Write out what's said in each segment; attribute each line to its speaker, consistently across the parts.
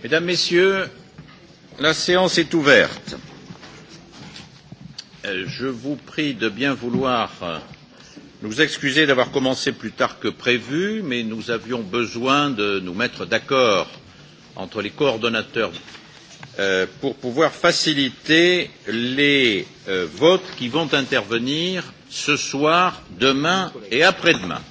Speaker 1: Mesdames, Messieurs, la séance est ouverte. Euh, je vous prie de bien vouloir euh, nous excuser d'avoir commencé plus tard que prévu, mais nous avions besoin de nous mettre d'accord entre les coordonnateurs euh, pour pouvoir faciliter les votes qui vont intervenir ce soir, demain et après-demain.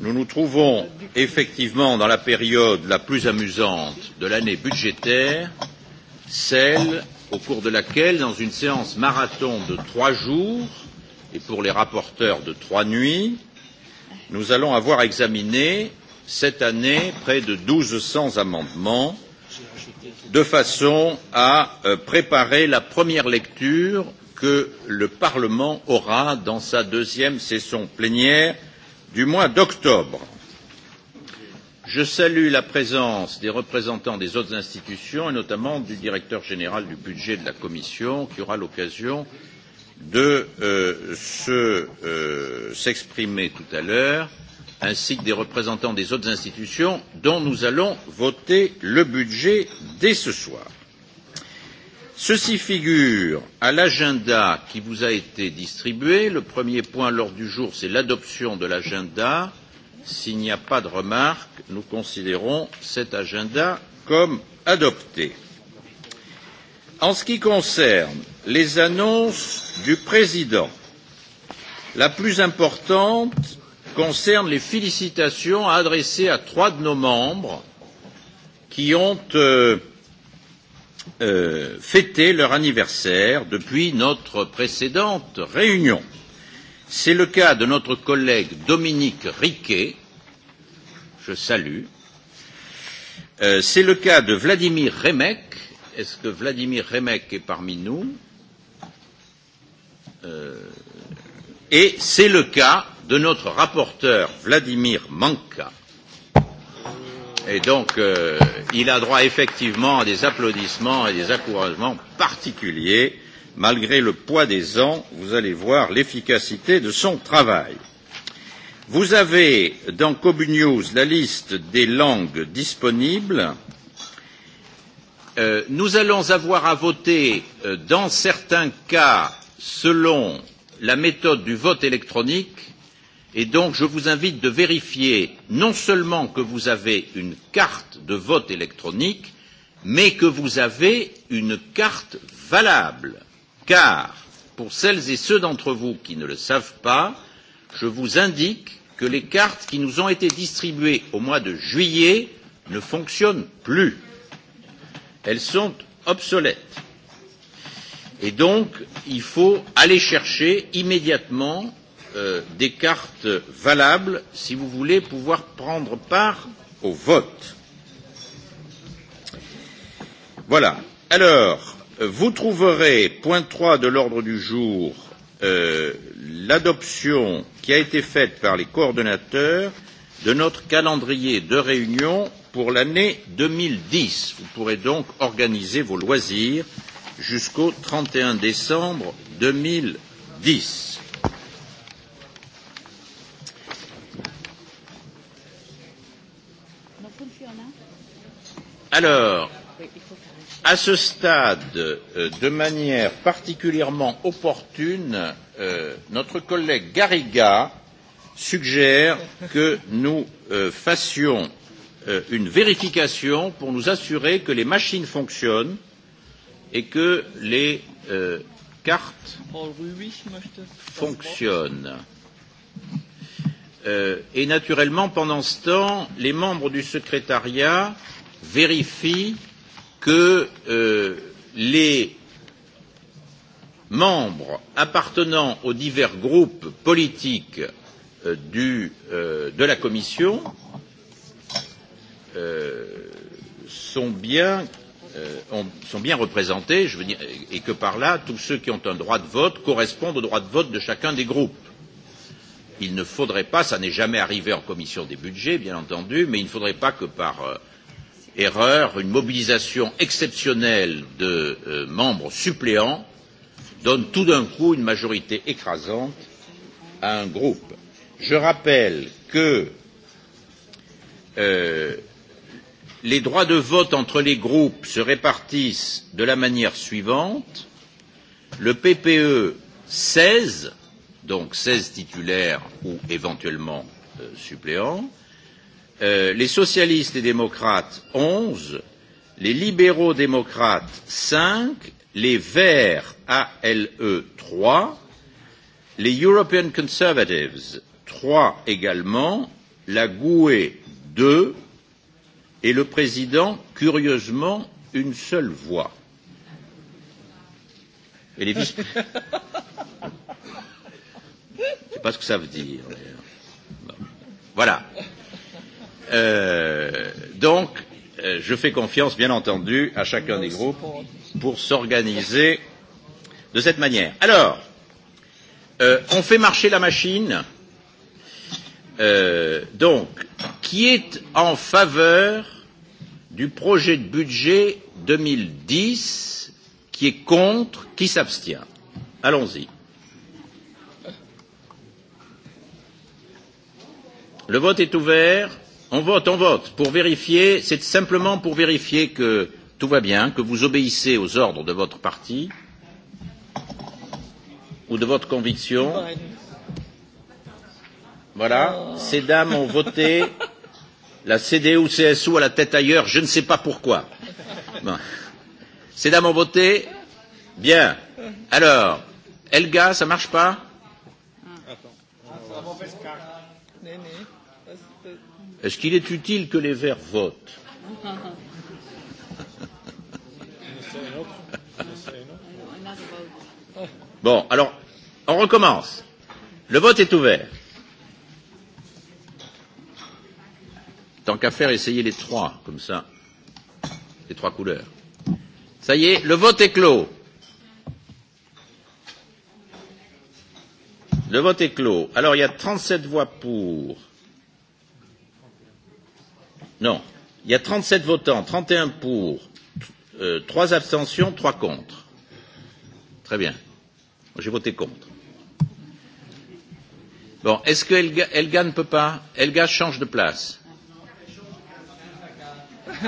Speaker 1: Nous nous trouvons effectivement dans la période la plus amusante de l'année budgétaire, celle au cours de laquelle, dans une séance marathon de trois jours et pour les rapporteurs de trois nuits, nous allons avoir examiné cette année près de 1200 amendements de façon à euh, préparer la première lecture que le Parlement aura dans sa deuxième session plénière du mois d'octobre. Je salue la présence des représentants des autres institutions et notamment du directeur général du budget de la Commission qui aura l'occasion de euh, s'exprimer se, euh, tout à l'heure, ainsi que des représentants des autres institutions dont nous allons voter le budget dès ce soir. Ceci figure à l'agenda qui vous a été distribué. Le premier point lors du jour, c'est l'adoption de l'agenda. S'il n'y a pas de remarques, nous considérons cet agenda comme adopté. En ce qui concerne les annonces du président, la plus importante concerne les félicitations adressées à trois de nos membres qui ont euh, euh, fêté leur anniversaire depuis notre précédente réunion. C'est le cas de notre collègue Dominique Riquet, je salue. Euh, C'est le cas de Vladimir Remek. Est-ce que Vladimir Remek est parmi nous euh, et c'est le cas de notre rapporteur Vladimir Manka. Et donc, euh, il a droit effectivement à des applaudissements et des encouragements particuliers, malgré le poids des ans. Vous allez voir l'efficacité de son travail. Vous avez dans Cobunews la liste des langues disponibles. Euh, nous allons avoir à voter euh, dans certains cas selon la méthode du vote électronique Et donc, je vous invite de vérifier non seulement que vous avez une carte de vote électronique, mais que vous avez une carte valable. Car, pour celles et ceux d'entre vous qui ne le savent pas, je vous indique que les cartes qui nous ont été distribuées au mois de juillet ne fonctionnent plus. Elles sont obsolètes. Et donc, il faut aller chercher immédiatement Euh, des cartes valables si vous voulez pouvoir prendre part au vote. Voilà. Alors, vous trouverez, point trois de l'ordre du jour, euh, l'adoption qui a été faite par les coordonnateurs de notre calendrier de réunion pour l'année deux mille dix. Vous pourrez donc organiser vos loisirs jusqu'au trente et un décembre deux mille dix. Alors, à ce stade, euh, de manière particulièrement opportune, euh, notre collègue Garriga suggère que nous euh, fassions une vérification pour nous assurer que les machines fonctionnent et que les euh, cartes
Speaker 2: fonctionnent.
Speaker 1: Euh, et naturellement, pendant ce temps, les membres du secrétariat vérifie que euh, les membres appartenant aux divers groupes politiques euh, du, euh, de la Commission euh, sont bien, euh, ont, sont bien représentés je veux dire, et que par là tous ceux qui ont un droit de vote correspondent au droit de vote de chacun des groupes il ne faudrait pas, ça n'est jamais arrivé en commission des budgets, bien entendu, mais il ne faudrait pas que par euh, erreur, une mobilisation exceptionnelle de euh, membres suppléants donne tout d'un coup une majorité écrasante à un groupe. Je rappelle que euh, les droits de vote entre les groupes se répartissent de la manière suivante le PPE seize, donc seize titulaires ou éventuellement euh, suppléants, Euh, les socialistes et démocrates onze, les libéraux démocrates cinq, les Verts ALE trois, les European Conservatives trois également, la GUE deux et le président, curieusement, une seule voix. Et les vice Je ne sais pas ce que ça veut dire. Voilà. Euh, donc, euh, je fais confiance, bien entendu, à chacun des groupes pour s'organiser de cette manière. Alors, euh, on fait marcher la machine. Euh, donc, qui est en faveur du projet de budget 2010 Qui est contre Qui s'abstient Allons-y. Le vote est ouvert on vote, on vote. Pour vérifier, c'est simplement pour vérifier que tout va bien, que vous obéissez aux ordres de votre parti ou de votre conviction. Voilà, ces dames ont voté la CDU, CSU à la tête ailleurs, je ne sais pas pourquoi. Bon. Ces dames ont voté Bien. Alors, Elga, ça marche pas Est-ce qu'il est utile que les Verts votent Bon, alors, on recommence. Le vote est ouvert. Tant qu'à faire, essayez les trois, comme ça. Les trois couleurs. Ça y est, le vote est clos. Le vote est clos. Alors, il y a 37 voix pour, Non. Il y a 37 votants, 31 pour, euh, 3 abstentions, 3 contre. Très bien. J'ai voté contre. Bon, est-ce que Elga, Elga ne peut pas Elga change de place.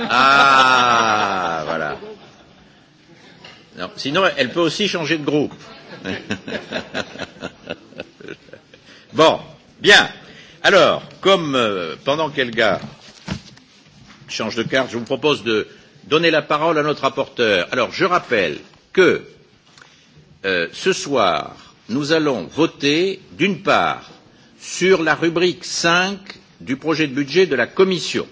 Speaker 1: Ah, voilà. Non, sinon, elle peut aussi changer de groupe. bon, bien. Alors, comme euh, pendant qu'Elga change de carte, je vous propose de donner la parole à notre rapporteur. Alors, je rappelle que euh, ce soir, nous allons voter, d'une part, sur la rubrique 5 du projet de budget de la Commission,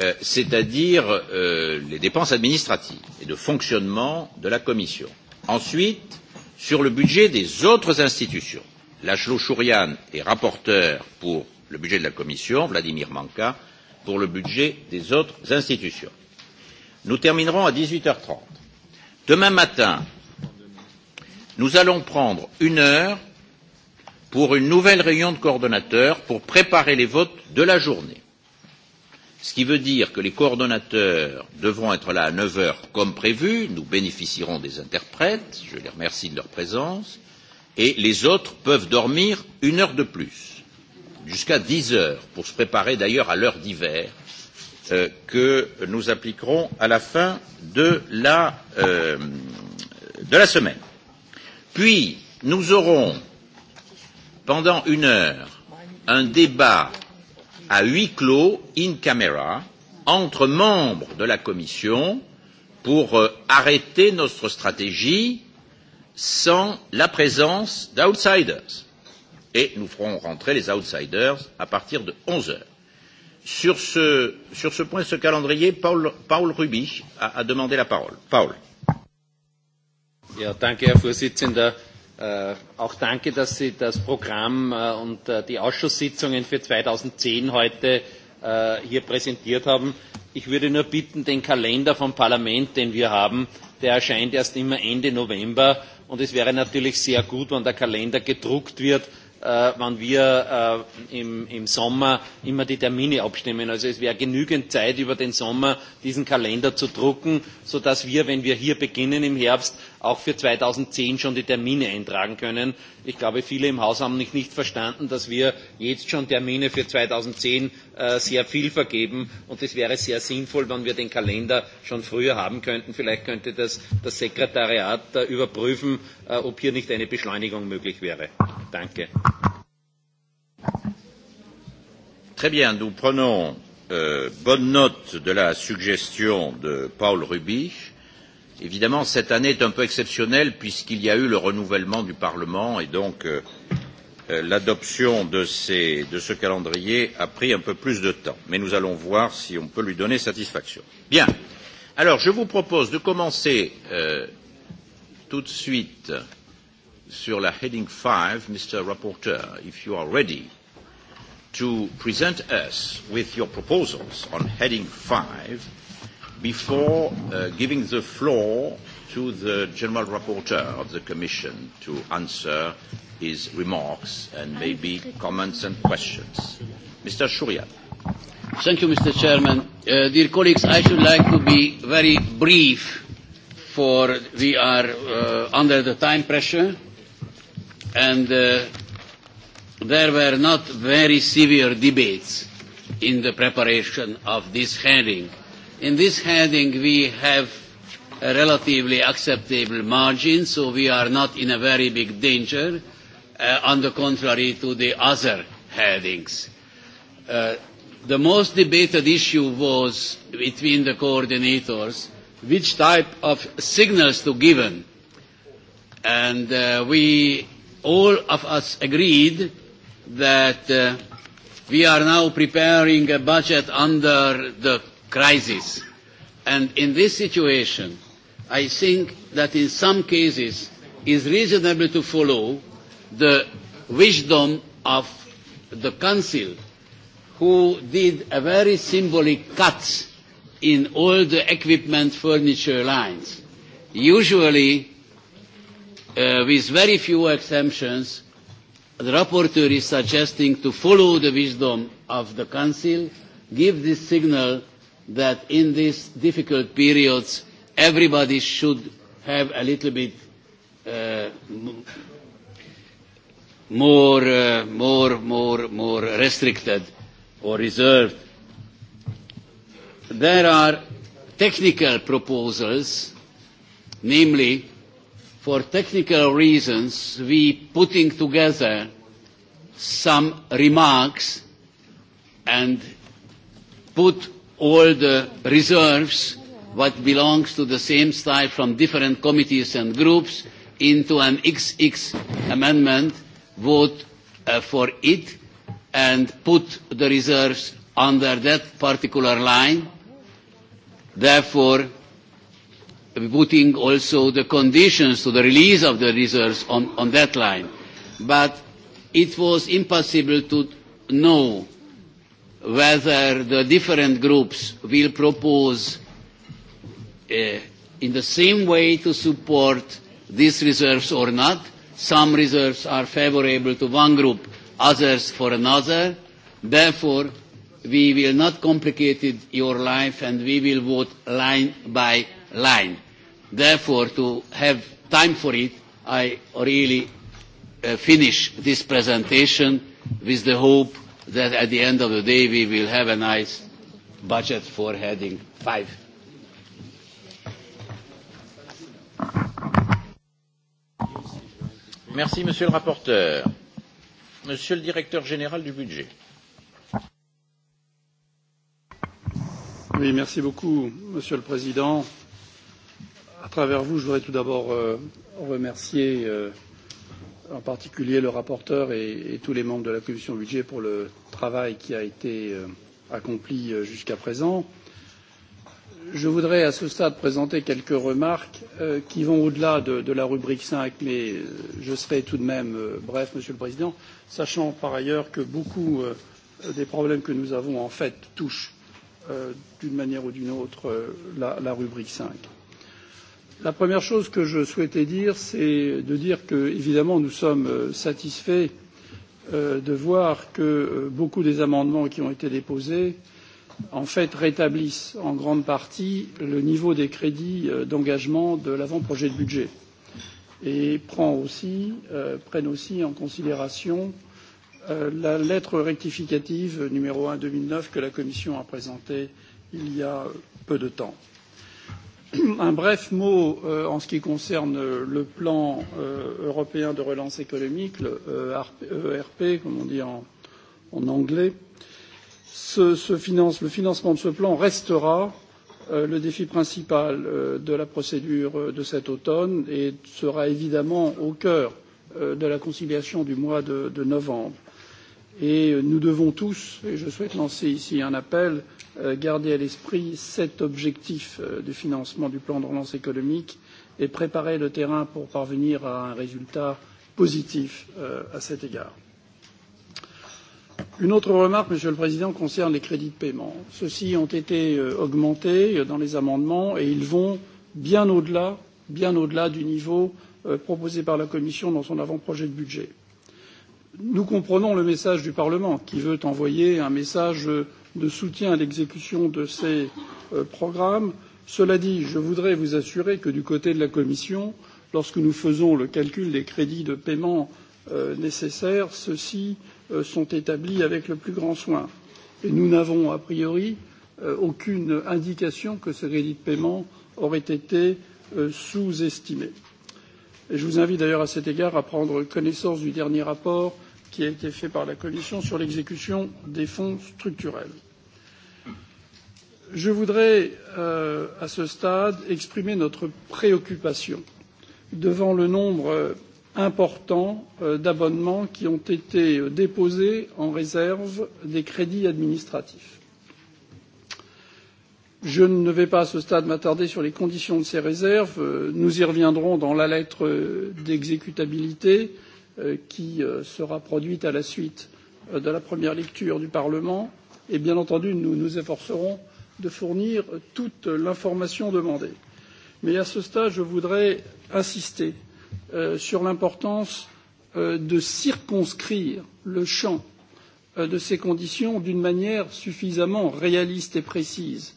Speaker 1: euh, c'est-à-dire euh, les dépenses administratives et de fonctionnement de la Commission. Ensuite, sur le budget des autres institutions. Lachlo Chourian est rapporteur pour le budget de la Commission, Vladimir Manka pour le budget des autres institutions. Nous terminerons à dix huit h trente. Demain matin, nous allons prendre une heure pour une nouvelle réunion de coordonnateurs pour préparer les votes de la journée. Ce qui veut dire que les coordonnateurs devront être là à neuf heures comme prévu. Nous bénéficierons des interprètes. Je les remercie de leur présence. Et les autres peuvent dormir une heure de plus jusqu'à dix heures pour se préparer d'ailleurs à l'heure d'hiver euh, que nous appliquerons à la fin de la, euh, de la semaine. Puis nous aurons pendant une heure un débat à huis clos in camera entre membres de la commission pour euh, arrêter notre stratégie sans la présence d'outsiders et nous ferons rentrer les outsiders à partir de onze heures. Sur ce, sur ce point, ce calendrier, Paul, Paul Ruby a, a demandé la parole.
Speaker 3: Paul. Ja, danke, Herr Vorsitzender. Äh,
Speaker 1: auch danke, dass Sie das Programm äh, und äh, die Ausschusssitzungen für 2010 heute äh, hier präsentiert haben. Ich würde nur bitten, den Kalender vom Parlament, den wir haben, der erscheint erst immer Ende November. Und es wäre natürlich sehr gut, wenn der
Speaker 3: Kalender gedruckt wird, Äh, wenn wir äh, im, im Sommer immer die Termine abstimmen. Also es wäre genügend Zeit, über den Sommer diesen Kalender zu drucken, sodass wir, wenn wir hier beginnen im Herbst, auch für zweitausendzehn schon die Termine eintragen können.
Speaker 1: Ich glaube, viele im Haus haben nicht, verstanden, dass wir jetzt schon Termine für zweitausendzehn äh, sehr viel vergeben und es wäre sehr sinnvoll, wenn wir den Kalender schon früher haben könnten. Vielleicht könnte das das Sekretariat äh, überprüfen, äh, ob hier nicht eine Beschleunigung möglich wäre. Danke. Très bien, nous prenons euh, bonne note de la suggestion de Paul Rubich Évidemment, cette année est un peu exceptionnelle puisqu'il y a eu le renouvellement du Parlement et donc euh, euh l'adoption de, de ce calendrier a pris un peu plus de temps. Mais nous allons voir si on peut lui donner satisfaction. Bien. Alors, je vous propose de commencer euh, tout de suite sur la heading 5, Mr. Rapporteur, if you are ready to present us with your proposals on heading 5 Before uh, giving the floor to the General Rapporteur of the Commission to answer
Speaker 3: his remarks and maybe comments and questions. Mr. Shuria. Thank you, Mr. Chairman. Uh, dear colleagues, I should like to be very brief for we are uh, under the time pressure and uh, there were not very severe debates in the preparation of this hearing In this heading, we have a relatively acceptable margin, so we are not in a very big danger, uh, on the contrary to the other headings. Uh, the most debated issue was between the coordinators which type of signals to give. And uh, we, all of us agreed that uh, we are now preparing a budget under the crisis. And in this situation, I think that in some cases it is reasonable to follow the wisdom of the Council, who did a very symbolic cut in all the equipment furniture lines. Usually, uh, with very few exemptions, the rapporteur is suggesting to follow the wisdom of the Council, give this signal that in these difficult periods, everybody should have a little bit uh, more, uh, more, more, more restricted or reserved. There are technical proposals, namely, for technical reasons, we putting together some remarks and put all the reserves what belongs to the same style from different committees and groups into an XX amendment, vote uh, for it and put the reserves under that particular line, therefore putting also the conditions to the release of the reserves on, on that line. But it was impossible to know whether the different groups will propose uh, in the same way to support these reserves or not. Some reserves are favorable to one group, others for another. Therefore, we will not complicate your life and we will vote line by line. Therefore, to have time for it, I really uh, finish this presentation with the hope that at the end of the day we will have a nice budget for heading five.
Speaker 1: Merci, monsieur le
Speaker 2: rapporteur.
Speaker 1: Monsieur le directeur général du budget.
Speaker 2: Oui, merci beaucoup, monsieur le président à travers vous je voudrais tout d'abord euh, remercier euh, en particulier le rapporteur et, et tous les membres de la commission budget pour le travail qui a été euh, accompli euh, jusqu'à présent. Je voudrais à ce stade présenter quelques remarques euh, qui vont au-delà de, de, la rubrique 5, mais euh, je serai tout de même euh, bref, Monsieur le Président, sachant par ailleurs que beaucoup euh, des problèmes que nous avons en fait touchent d'une manière ou d'une autre la, la rubrique 5. La première chose que je souhaitais dire, c'est de dire que, évidemment, nous sommes euh, satisfaits euh, de voir que euh, beaucoup des amendements qui ont été déposés en fait rétablissent en grande partie le niveau des crédits d'engagement de l'avant projet de budget et prennent aussi, prennent aussi en considération la lettre rectificative numéro un deux mille neuf que la Commission a présentée il y a peu de temps un bref mot euh, en ce qui concerne euh, le plan euh, européen de relance économique, le ERP, euh, euh, e comme on dit en, en anglais. Ce, ce finance, le financement de ce plan restera euh, le défi principal de la procédure de cet automne et sera évidemment au cœur de la conciliation du mois de, de novembre. Et nous devons tous, et je souhaite lancer ici un appel, Euh, garder à l'esprit cet objectif euh, du financement du plan de relance économique et préparer le terrain pour parvenir à un résultat positif euh, à cet égard. Une autre remarque, Monsieur le Président, concerne les crédits de paiement. Ceux-ci ont été augmentés dans les amendements et ils vont bien au-delà, bien au-delà du niveau proposé par la Commission dans son avant-projet de budget. Nous comprenons le message du Parlement qui veut envoyer un message de soutien à l'exécution de ces euh, programmes. Cela dit, je voudrais vous assurer que du côté de la Commission, lorsque nous faisons le calcul des crédits de paiement euh, nécessaires, ceux-ci euh, sont établis avec le plus grand soin. Et nous n'avons a priori euh, aucune indication que ce crédit de paiement aurait été euh, sous-estimé. Et je vous invite d'ailleurs à cet égard à prendre connaissance du dernier rapport qui a été fait par la Commission sur l'exécution des fonds structurels. Je voudrais, euh, à ce stade, exprimer notre préoccupation devant le nombre euh, important euh, d'abonnements qui ont été euh, déposés en réserve des crédits administratifs. Je ne vais pas à ce stade m'attarder sur les conditions de ces réserves. Nous y reviendrons dans la lettre d'exécutabilité qui sera produite à la suite de la première lecture du Parlement. Et bien entendu, nous nous efforcerons de fournir toute l'information demandée. Mais à ce stade, je voudrais insister euh, sur l'importance euh, de circonscrire le champ euh, de ces conditions d'une manière suffisamment réaliste et précise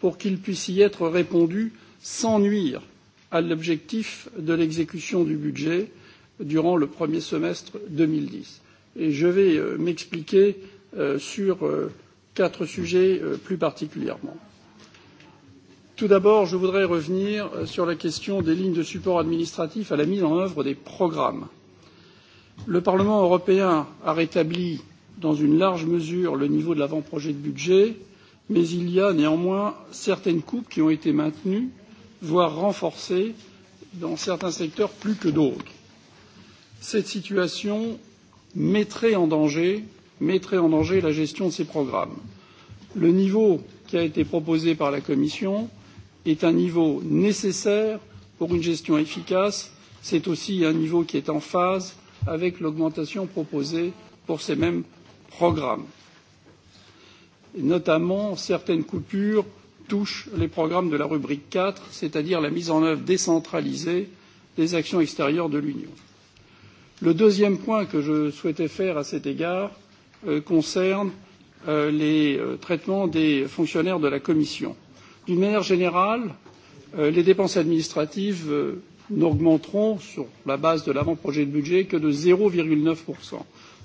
Speaker 2: pour qu'il puisse y être répondu sans nuire à l'objectif de l'exécution du budget durant le premier semestre deux mille dix. Et je vais m'expliquer sur quatre sujets euh, plus particulièrement. Tout d'abord, je voudrais revenir euh, sur la question des lignes de support administratif à la mise en œuvre des programmes. Le Parlement européen a rétabli dans une large mesure le niveau de l'avant-projet de budget, mais il y a néanmoins certaines coupes qui ont été maintenues, voire renforcées, dans certains secteurs plus que d'autres. Cette situation mettrait en danger mettrait en danger la gestion de ces programmes. Le niveau qui a été proposé par la Commission est un niveau nécessaire pour une gestion efficace. C'est aussi un niveau qui est en phase avec l'augmentation proposée pour ces mêmes programmes. Et notamment, certaines coupures touchent les programmes de la rubrique IV, c'est-à-dire la mise en œuvre décentralisée des actions extérieures de l'Union. Le deuxième point que je souhaitais faire à cet égard, Euh, concerne euh, les euh, traitements des fonctionnaires de la Commission. D'une manière générale, les dépenses administratives n'augmenteront, sur la base de l'avant projet de budget, que de zéro neuf,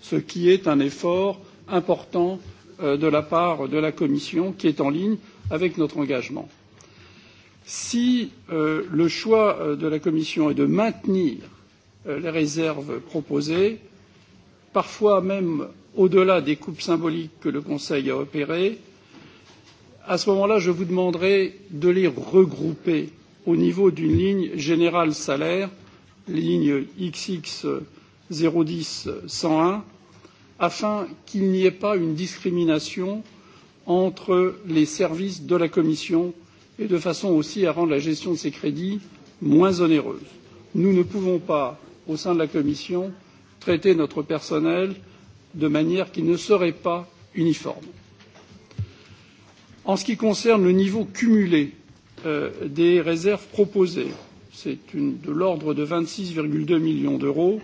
Speaker 2: ce qui est un effort important de la part de la Commission qui est en ligne avec notre engagement. Si le choix de la Commission est de maintenir les réserves proposées, parfois même au delà des coupes symboliques que le Conseil a opérées, à ce moment là, je vous demanderai de les regrouper au niveau d'une ligne générale salaire, ligne XX zéro dix cent un, afin qu'il n'y ait pas une discrimination entre les services de la Commission et de façon aussi à rendre la gestion de ces crédits moins onéreuse. Nous ne pouvons pas, au sein de la Commission, traiter notre personnel de manière qui ne serait pas uniforme. En ce qui concerne le niveau cumulé euh, des réserves proposées, c'est de l'ordre de vingt six deux millions d'euros.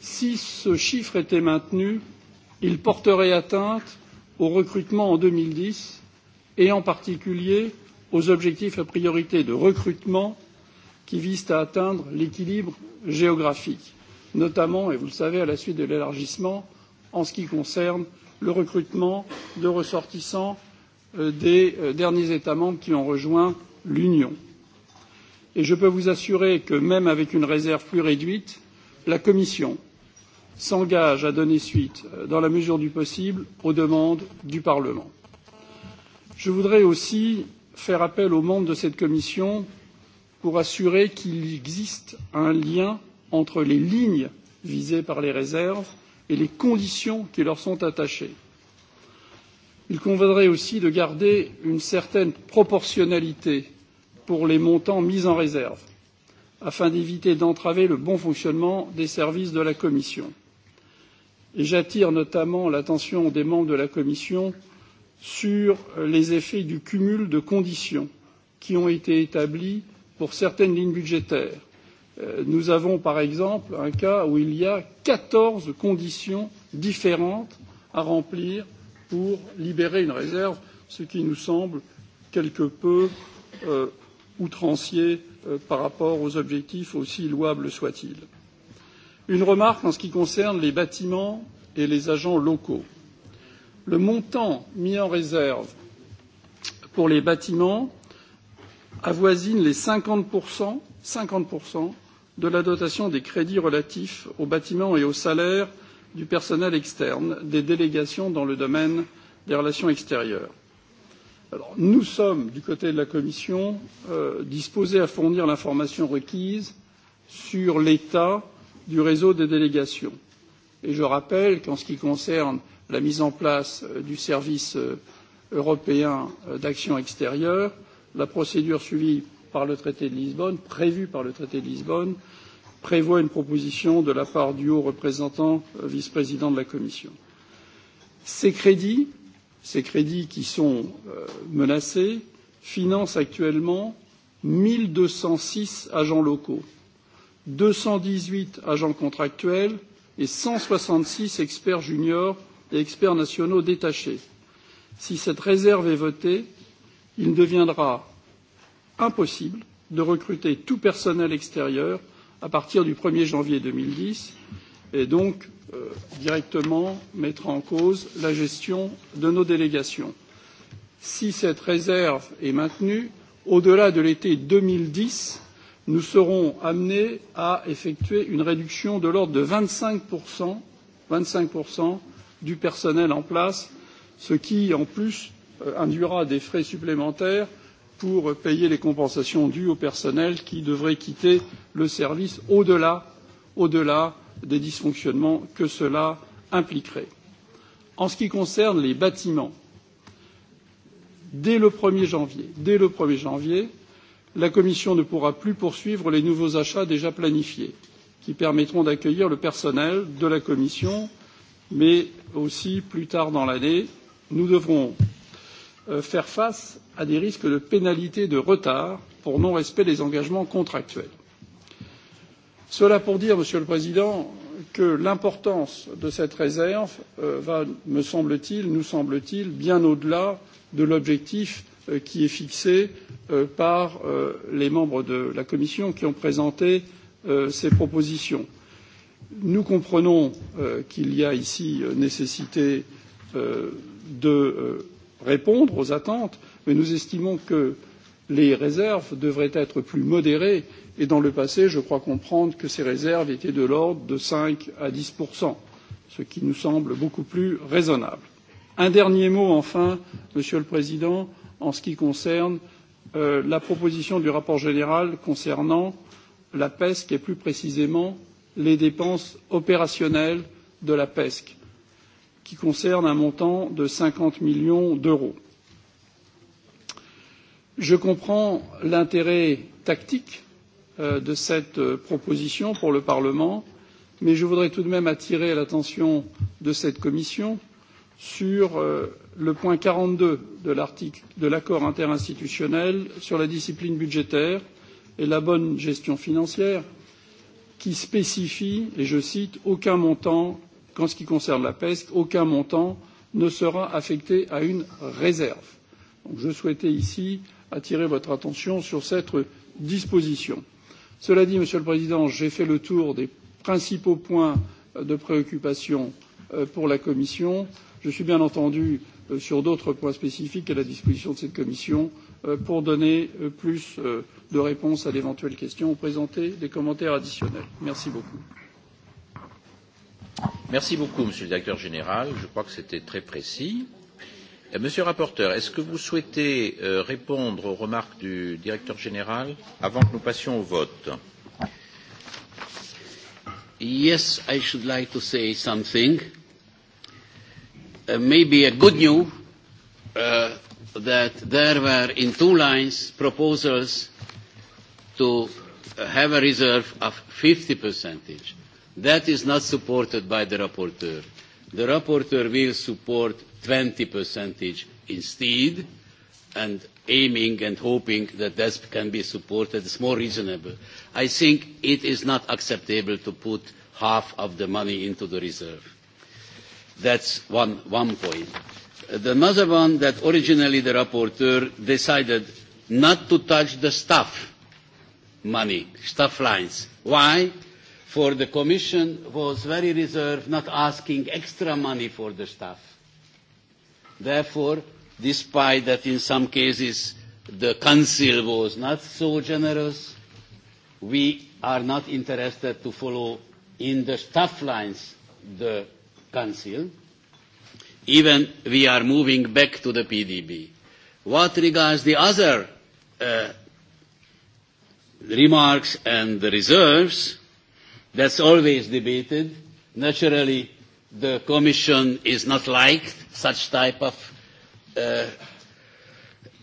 Speaker 2: Si ce chiffre était maintenu, il porterait atteinte au recrutement en deux mille dix et en particulier aux objectifs à priorité de recrutement qui visent à atteindre l'équilibre géographique, notamment, et vous le savez, à la suite de l'élargissement, en ce qui concerne le recrutement de ressortissants euh, des euh, derniers États membres qui ont rejoint l'Union. Et je peux vous assurer que, même avec une réserve plus réduite, la Commission s'engage à donner suite, euh, dans la mesure du possible, aux demandes du Parlement. Je voudrais aussi faire appel aux membres de cette Commission pour assurer qu'il existe un lien entre les lignes visées par les réserves et les conditions qui leur sont attachées. Il conviendrait aussi de garder une certaine proportionnalité pour les montants mis en réserve, afin d'éviter d'entraver le bon fonctionnement des services de la Commission. Et j'attire notamment l'attention des membres de la Commission sur les effets du cumul de conditions qui ont été établies pour certaines lignes budgétaires Euh, nous avons par exemple un cas où il y a quatorze conditions différentes à remplir pour libérer une réserve ce qui nous semble quelque peu euh, outrancier euh, par rapport aux objectifs aussi louables soient ils. une remarque en ce qui concerne les bâtiments et les agents locaux le montant mis en réserve pour les bâtiments avoisine les cinquante cinquante de la dotation des crédits relatifs aux bâtiments et aux salaires du personnel externe des délégations dans le domaine des relations extérieures. Alors, nous sommes du côté de la commission euh, disposés à fournir l'information requise sur l'état du réseau des délégations et je rappelle qu'en ce qui concerne la mise en place euh, du service euh, européen euh, d'action extérieure la procédure suivie par le traité de Lisbonne, prévu par le traité de Lisbonne, prévoit une proposition de la part du haut représentant euh, vice-président de la Commission. Ces crédits, ces crédits qui sont euh, menacés, financent actuellement 1206 agents locaux, 218 agents contractuels et 166 experts juniors et experts nationaux détachés. Si cette réserve est votée, il deviendra impossible de recruter tout personnel extérieur à partir du 1er janvier 2010 et donc euh, directement mettre en cause la gestion de nos délégations. Si cette réserve est maintenue, au-delà de l'été 2010, nous serons amenés à effectuer une réduction de l'ordre de 25, 25 du personnel en place, ce qui, en plus, euh, induira des frais supplémentaires pour payer les compensations dues au personnel qui devrait quitter le service au delà, au -delà des dysfonctionnements que cela impliquerait. En ce qui concerne les bâtiments, dès le 1er janvier, dès le 1er janvier, la Commission ne pourra plus poursuivre les nouveaux achats déjà planifiés, qui permettront d'accueillir le personnel de la Commission, mais aussi plus tard dans l'année, nous devrons euh, faire face à des risques de pénalités de retard pour non respect des engagements contractuels. cela pour dire monsieur le président que l'importance de cette réserve euh, va me semble t il nous semble t il bien au delà de l'objectif euh, qui est fixé euh, par les membres de la commission qui ont présenté ces propositions. nous comprenons qu'il y a ici nécessité de répondre aux attentes mais nous estimons que les réserves devraient être plus modérées et dans le passé je crois comprendre que ces réserves étaient de l'ordre de cinq à dix ce qui nous semble beaucoup plus raisonnable. un dernier mot enfin monsieur le président en ce qui concerne euh, la proposition du rapport général concernant la pesc et plus précisément les dépenses opérationnelles de la pesc qui concernent un montant de cinquante millions d'euros je comprends l'intérêt tactique euh, de cette euh, proposition pour le parlement mais je voudrais tout de même attirer l'attention de cette commission sur euh, le point quarante deux de l'accord interinstitutionnel sur la discipline budgétaire et la bonne gestion financière qui spécifie et je cite aucun montant qu'en ce qui concerne la pesc aucun montant ne sera affecté à une réserve. Donc, je souhaitais ici attirer votre attention sur cette disposition. Cela dit, Monsieur le Président, j'ai fait le tour des principaux points de préoccupation euh, pour la Commission. Je suis bien entendu euh, sur d'autres points spécifiques à la disposition de cette Commission euh, pour donner plus de réponses à d'éventuelles questions ou présenter des commentaires additionnels. Merci beaucoup.
Speaker 1: Merci beaucoup, Monsieur le Directeur général. Je crois que c'était très précis. Euh, monsieur le rapporteur, est-ce que vous souhaitez euh, répondre aux remarques du directeur général avant
Speaker 3: que nous passions au vote Yes, I should like to say something. Uh, maybe a good news uh, that there were in two lines proposals to have a reserve of 50 percentage. That is not supported by the rapporteur. The rapporteur will support 20 percentage instead, and aiming and hoping that that can be supported is more reasonable. I think it is not acceptable to put half of the money into the reserve. That's one, one point. The another one that originally the rapporteur decided not to touch the staff money, staff lines. Why? for the Commission was very reserved, not asking extra money for the staff. Therefore, despite that in some cases the Council was not so generous, we are not interested to follow in the staff lines the Council. Even we are moving back to the PDB. What regards the other uh, remarks and the reserves, That's always debated. Naturally, the Commission is not liked such type of uh,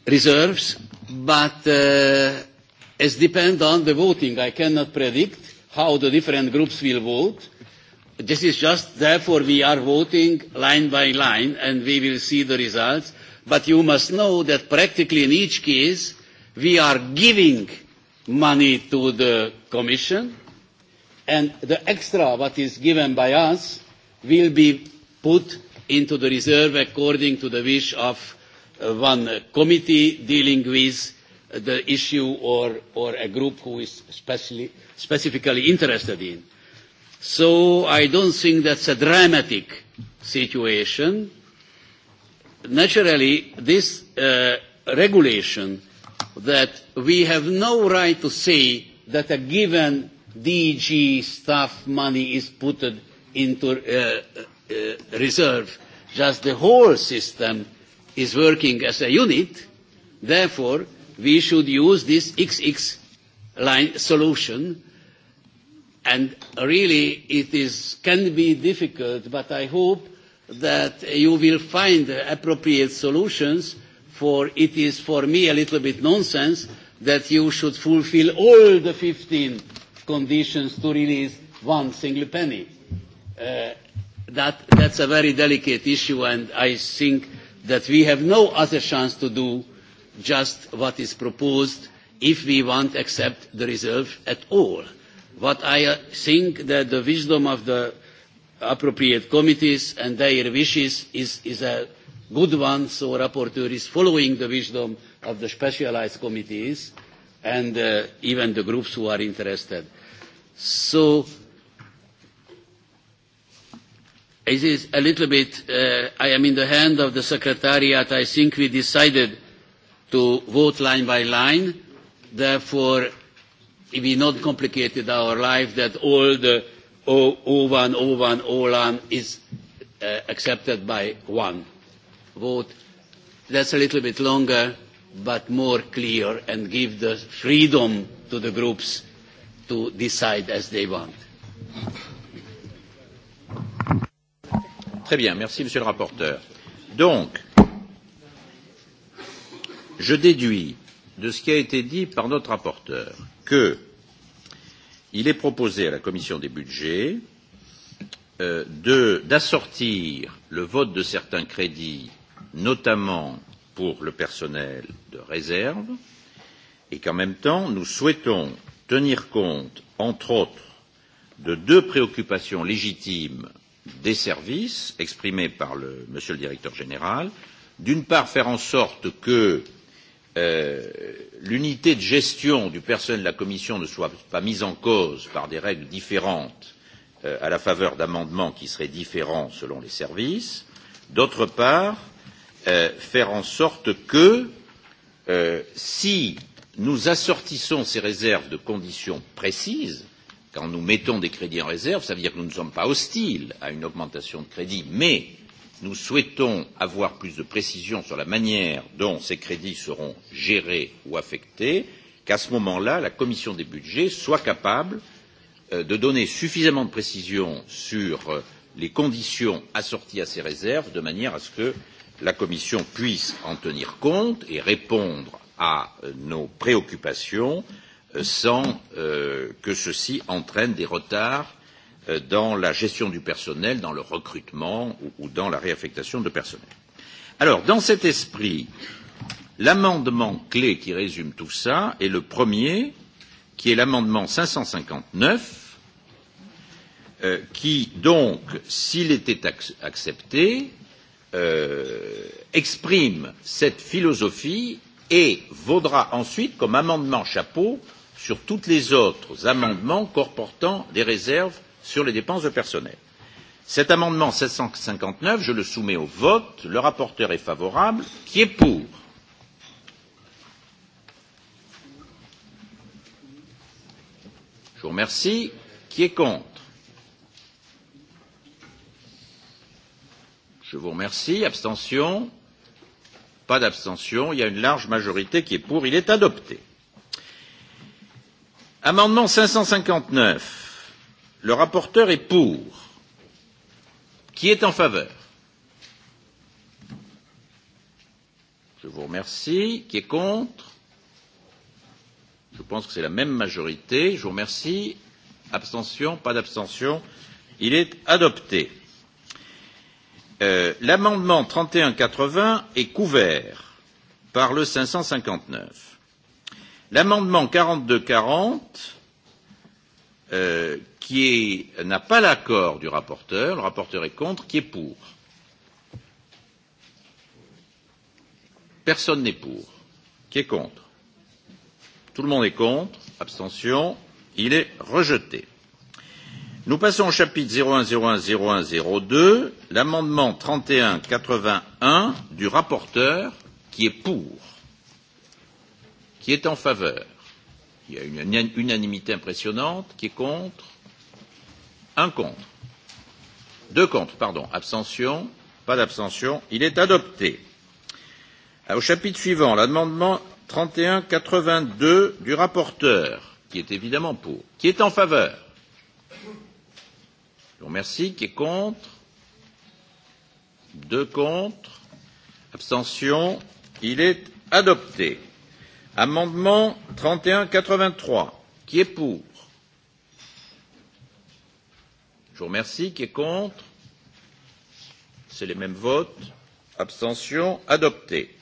Speaker 3: reserves, but uh, it depends on the voting. I cannot predict how the different groups will vote. This is just, therefore, we are voting line by line, and we will see the results. But you must know that practically in each case, we are giving money to the Commission, and the extra what is given by us will be put into the reserve according to the wish of uh, one committee dealing with the issue or, or a group who is specially, specifically interested in. So I don't think that's a dramatic situation. Naturally, this uh, regulation that we have no right to say that a given DG staff money is put into uh, uh, reserve. Just the whole system is working as a unit. Therefore, we should use this XX line solution. And really, it is, can be difficult, but I hope that you will find appropriate solutions for it is for me a little bit nonsense that you should fulfil all the 15 conditions to release one single penny. Uh, that, that's a very delicate issue, and I think that we have no other chance to do just what is proposed if we want to accept the reserve at all. What I uh, think that the wisdom of the appropriate committees and their wishes is, is a good one, so rapporteur is following the wisdom of the specialised committees. Uh, and uh, even the groups who are interested. So it is a little bit, uh, I am in the hand of the Secretariat. I think we decided to vote line by line. Therefore, we not complicated our life that all the O O O1, O 1 is uh, accepted by one vote. That's a little bit longer but more clear and give the freedom to the groups to decide as they want.
Speaker 1: Très bien, merci Monsieur le rapporteur. Donc, je déduis de ce qui a été dit par notre rapporteur qu'il est proposé à la Commission des budgets euh, d'assortir le vote de certains crédits, notamment pour le personnel de réserve et qu'en même temps, nous souhaitons tenir compte, entre autres, de deux préoccupations légitimes des services exprimées par le, Monsieur le Directeur général. D'une part, faire en sorte que euh, l'unité de gestion du personnel de la Commission ne soit pas mise en cause par des règles différentes euh, à la faveur d'amendements qui seraient différents selon les services. D'autre part, Euh, faire en sorte que euh, si nous assortissons ces réserves de conditions précises, quand nous mettons des crédits en réserve, cela veut dire que nous ne sommes pas hostiles à une augmentation de crédits, mais nous souhaitons avoir plus de précision sur la manière dont ces crédits seront gérés ou affectés, qu'à ce moment-là, la commission des budgets soit capable euh, de donner suffisamment de précision sur euh, les conditions assorties à ces réserves, de manière à ce que la Commission puisse en tenir compte et répondre à euh, nos préoccupations euh, sans euh, que ceci entraîne des retards euh, dans la gestion du personnel, dans le recrutement ou, ou dans la réaffectation de personnel. Alors, dans cet esprit, l'amendement clé qui résume tout cela est le premier, qui est l'amendement cinq cent cinquante neuf, qui donc, s'il était ac accepté, Euh, exprime cette philosophie et vaudra ensuite comme amendement chapeau sur tous les autres amendements comportant des réserves sur les dépenses de personnel. Cet amendement sept cent cinquante neuf, je le soumets au vote. Le rapporteur est favorable. Qui est pour Je vous remercie. Qui est contre Je vous remercie. Abstention Pas d'abstention. Il y a une large majorité qui est pour. Il est adopté. Amendement 559. Le rapporteur est pour. Qui est en faveur Je vous remercie. Qui est contre Je pense que c'est la même majorité. Je vous remercie. Abstention Pas d'abstention. Il est adopté. Euh, l'amendement trente et un quatre vingts est couvert par le cinq cent cinquante neuf. L'amendement quarante deux quarante qui n'a pas l'accord du rapporteur, le rapporteur est contre, qui est pour Personne n'est pour. Qui est contre Tout le monde est contre. Abstention. Il est rejeté. Nous passons au chapitre deux l'amendement 3181 du rapporteur qui est pour, qui est en faveur. Il y a une unanimité impressionnante qui est contre, un contre, deux contre, pardon, abstention, pas d'abstention, il est adopté. Alors, euh, au chapitre suivant, l'amendement 3182 du rapporteur qui est évidemment pour, qui est en faveur, vous remercie. Qui est contre Deux contre. Abstention. Il est adopté. Amendement 3183. Qui est pour Je vous remercie. Qui est contre C'est les mêmes votes. Abstention. Adopté.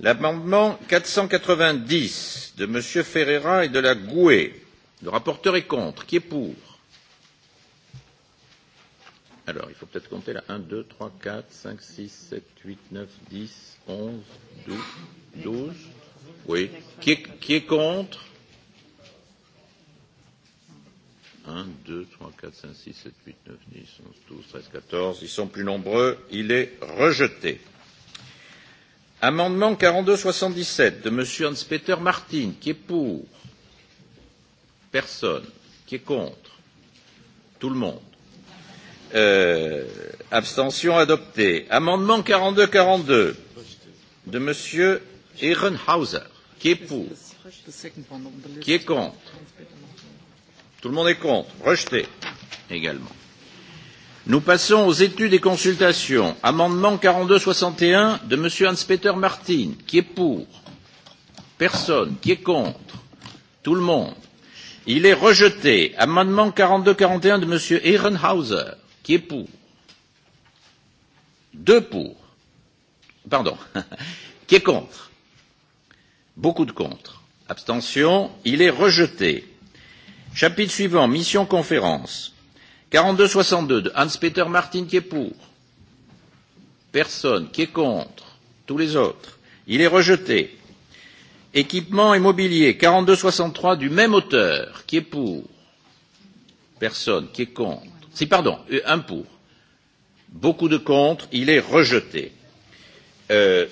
Speaker 1: L'amendement quatre cent quatre-vingt-dix de M. Ferreira et de la Gouée. Le rapporteur est contre. Qui est pour Alors, il faut peut-être compter là. 1, 2, 3, 4, 5, 6, 7, 8, 9, 10, 11, 12. 12. Oui. Qui est, qui est contre 1, 2, 3, 4, 5, 6, 7, 8, 9, 10, 11, 12, 13, 14. Ils sont plus nombreux. Il est rejeté. Amendement 4277 de M. Hans-Peter Martin. Qui est pour Personne. Qui est contre Tout le monde. Euh, abstention adopté. Amendement quarante deux quarante deux de Monsieur Ehrenhauser. Qui est pour Qui est contre Tout le monde est contre. Rejeté également. Nous passons aux études et consultations. Amendement quarante deux soixante et un de Monsieur Hans Peter Martin. Qui est pour Personne. Qui est contre Tout le monde. Il est rejeté. Amendement quarante deux quarante et un de Monsieur Ehrenhauser qui est pour deux pour pardon qui est contre beaucoup de contre abstention il est rejeté chapitre suivant mission conférence quarante deux soixante deux de Hans Peter Martin qui est pour personne qui est contre tous les autres il est rejeté équipement et mobilier quarante deux soixante trois du même auteur qui est pour personne qui est contre si pardon, euh, un pour, beaucoup de contre, il est rejeté. Euh,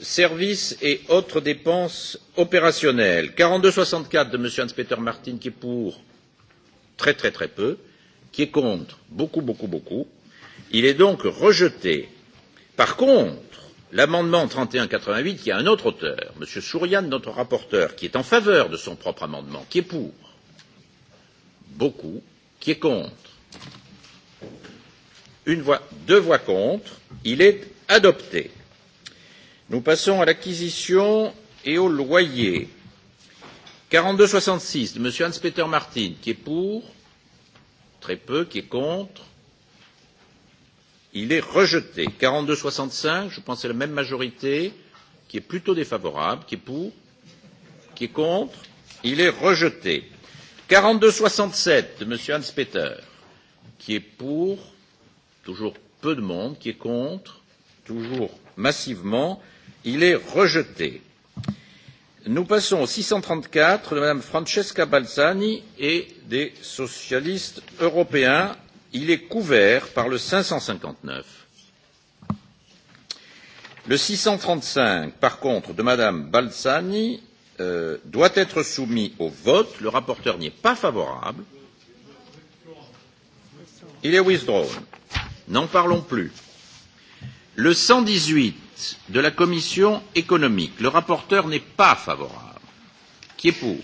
Speaker 1: services et autres dépenses opérationnelles, quarante deux soixante quatre de M. Hans-Peter Martin qui est pour très très très peu, qui est contre beaucoup beaucoup beaucoup. Il est donc rejeté. Par contre, l'amendement trente et un quatre-vingt-huit, qui a un autre auteur, M. Souriane, notre rapporteur, qui est en faveur de son propre amendement, qui est pour beaucoup, qui est contre une voix, deux voix contre. Il est adopté. Nous passons à l'acquisition et au loyer. 42,66 de M. Hans-Peter Martin, qui est pour, très peu, qui est contre. Il est rejeté. 42,65, je pense que c'est la même majorité, qui est plutôt défavorable, qui est pour, qui est contre. Il est rejeté. 42,67 de M. Hans-Peter, qui est pour, toujours peu de monde qui est contre, toujours massivement, il est rejeté. Nous passons au six cent trente quatre de Mme Francesca Balzani et des socialistes européens. Il est couvert par le cinq cent cinquante neuf. Le six cent trente cinq, par contre, de Mme Balzani euh, doit être soumis au vote. Le rapporteur n'y est pas favorable. Il est withdrawn. N'en parlons plus. Le cent dix huit de la commission économique, le rapporteur n'est pas favorable. Qui est pour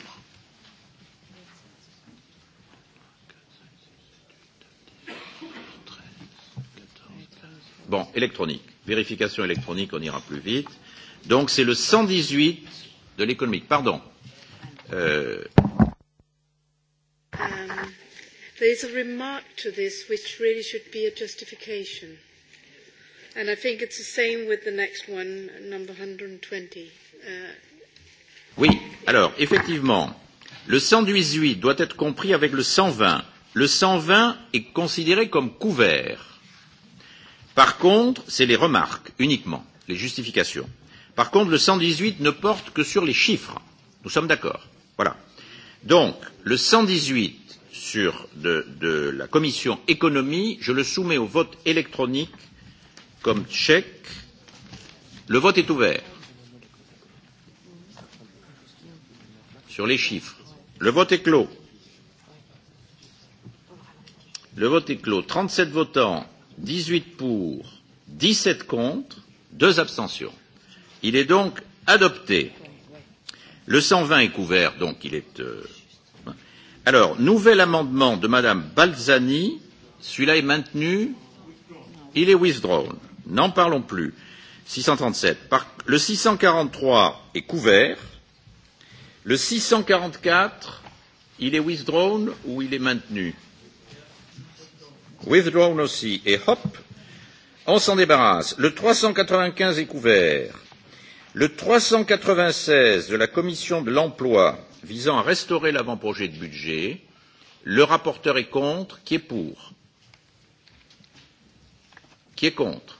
Speaker 1: Bon, électronique. Vérification électronique, on ira plus vite. Donc c'est le cent dix huit de l'économique. Pardon. Euh...
Speaker 2: euh There is a remark to this which really should be a justification. And I think it's the same with the next one,
Speaker 3: number 120. Uh,
Speaker 1: oui, alors, effectivement, le 118 doit être compris avec le 120. Le 120 est considéré comme couvert. Par contre, c'est les remarques uniquement, les justifications. Par contre, le 118 ne porte que sur les chiffres. Nous sommes d'accord. Voilà. Donc, le 118 sur de, de la commission économie, je le soumets au vote électronique comme chèque. Le vote est ouvert sur les chiffres. Le vote est clos. Le vote est clos. Trente sept votants, dix huit pour, dix sept contre, deux abstentions. Il est donc adopté. Le cent vingt est couvert, donc il est euh, Alors, nouvel amendement de Madame Balzani. Celui-là est maintenu. Il est withdrawn. N'en parlons plus. 637. Par... Le 643 est couvert. Le 644, il est withdrawn ou il est maintenu Withdrawn aussi. Et hop, on s'en débarrasse. Le 395 est couvert. Le 396 de la Commission de l'emploi visant à restaurer l'avant-projet de budget. Le rapporteur est contre. Qui est pour Qui est contre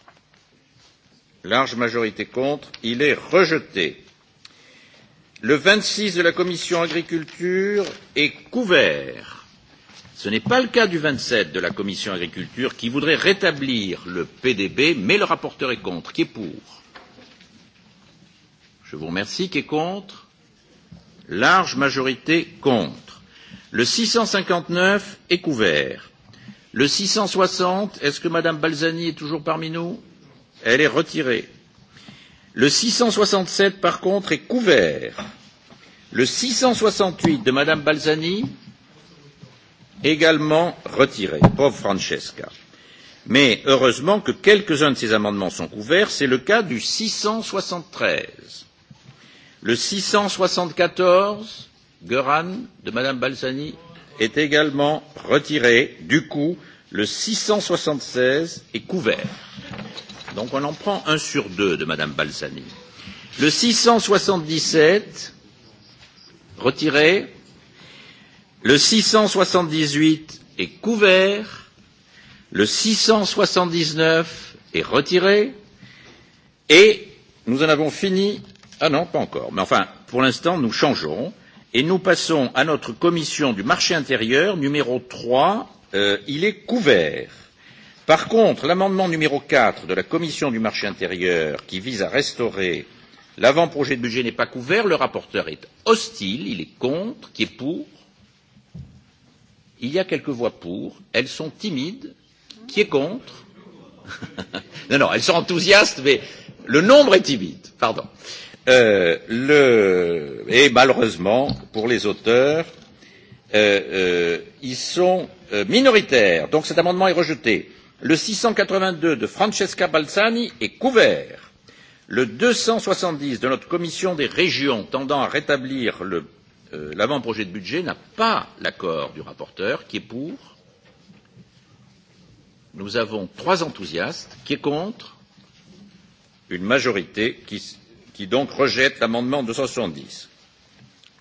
Speaker 1: Large majorité contre. Il est rejeté. Le 26 de la commission agriculture est couvert. Ce n'est pas le cas du 27 de la commission agriculture qui voudrait rétablir le PDB, mais le rapporteur est contre. Qui est pour Je vous remercie. Qui est contre large majorité contre. Le six cent cinquante neuf est couvert. Le six cent soixante, est-ce que Madame Balzani est toujours parmi nous Elle est retirée. Le six cent soixante sept, par contre, est couvert. Le six cent soixante huit de Madame Balzani, également retiré. Pauvre Francesca. Mais heureusement que quelques-uns de ces amendements sont couverts. C'est le cas du six cent soixante treize Le 674, Göran de Madame Balsani, est également retiré. Du coup, le 676 est couvert. Donc on en prend un sur deux de Madame Balsani. Le 677, retiré. Le 678 est couvert. Le 679 est retiré. Et nous en avons fini Ah non, pas encore. Mais enfin, pour l'instant, nous changeons et nous passons à notre commission du marché intérieur numéro trois. Euh, il est couvert. Par contre, l'amendement numéro quatre de la commission du marché intérieur qui vise à restaurer l'avant-projet de budget n'est pas couvert. Le rapporteur est hostile, il est contre, qui est pour. Il y a quelques voix pour. Elles sont timides. Qui est contre Non, non, elles sont enthousiastes, mais le nombre est timide. Pardon. Euh, et malheureusement, pour les auteurs, euh, euh, ils sont minoritaires. Donc cet amendement est rejeté. Le six cent quatre-vingt-deux de Francesca Balzani est couvert. Le deux cent soixante dix de notre commission des régions tendant à rétablir l'avant-projet de budget n'a pas l'accord du rapporteur qui est pour. Nous avons trois enthousiastes qui est contre une majorité qui qui donc rejette l'amendement deux cent soixante dix.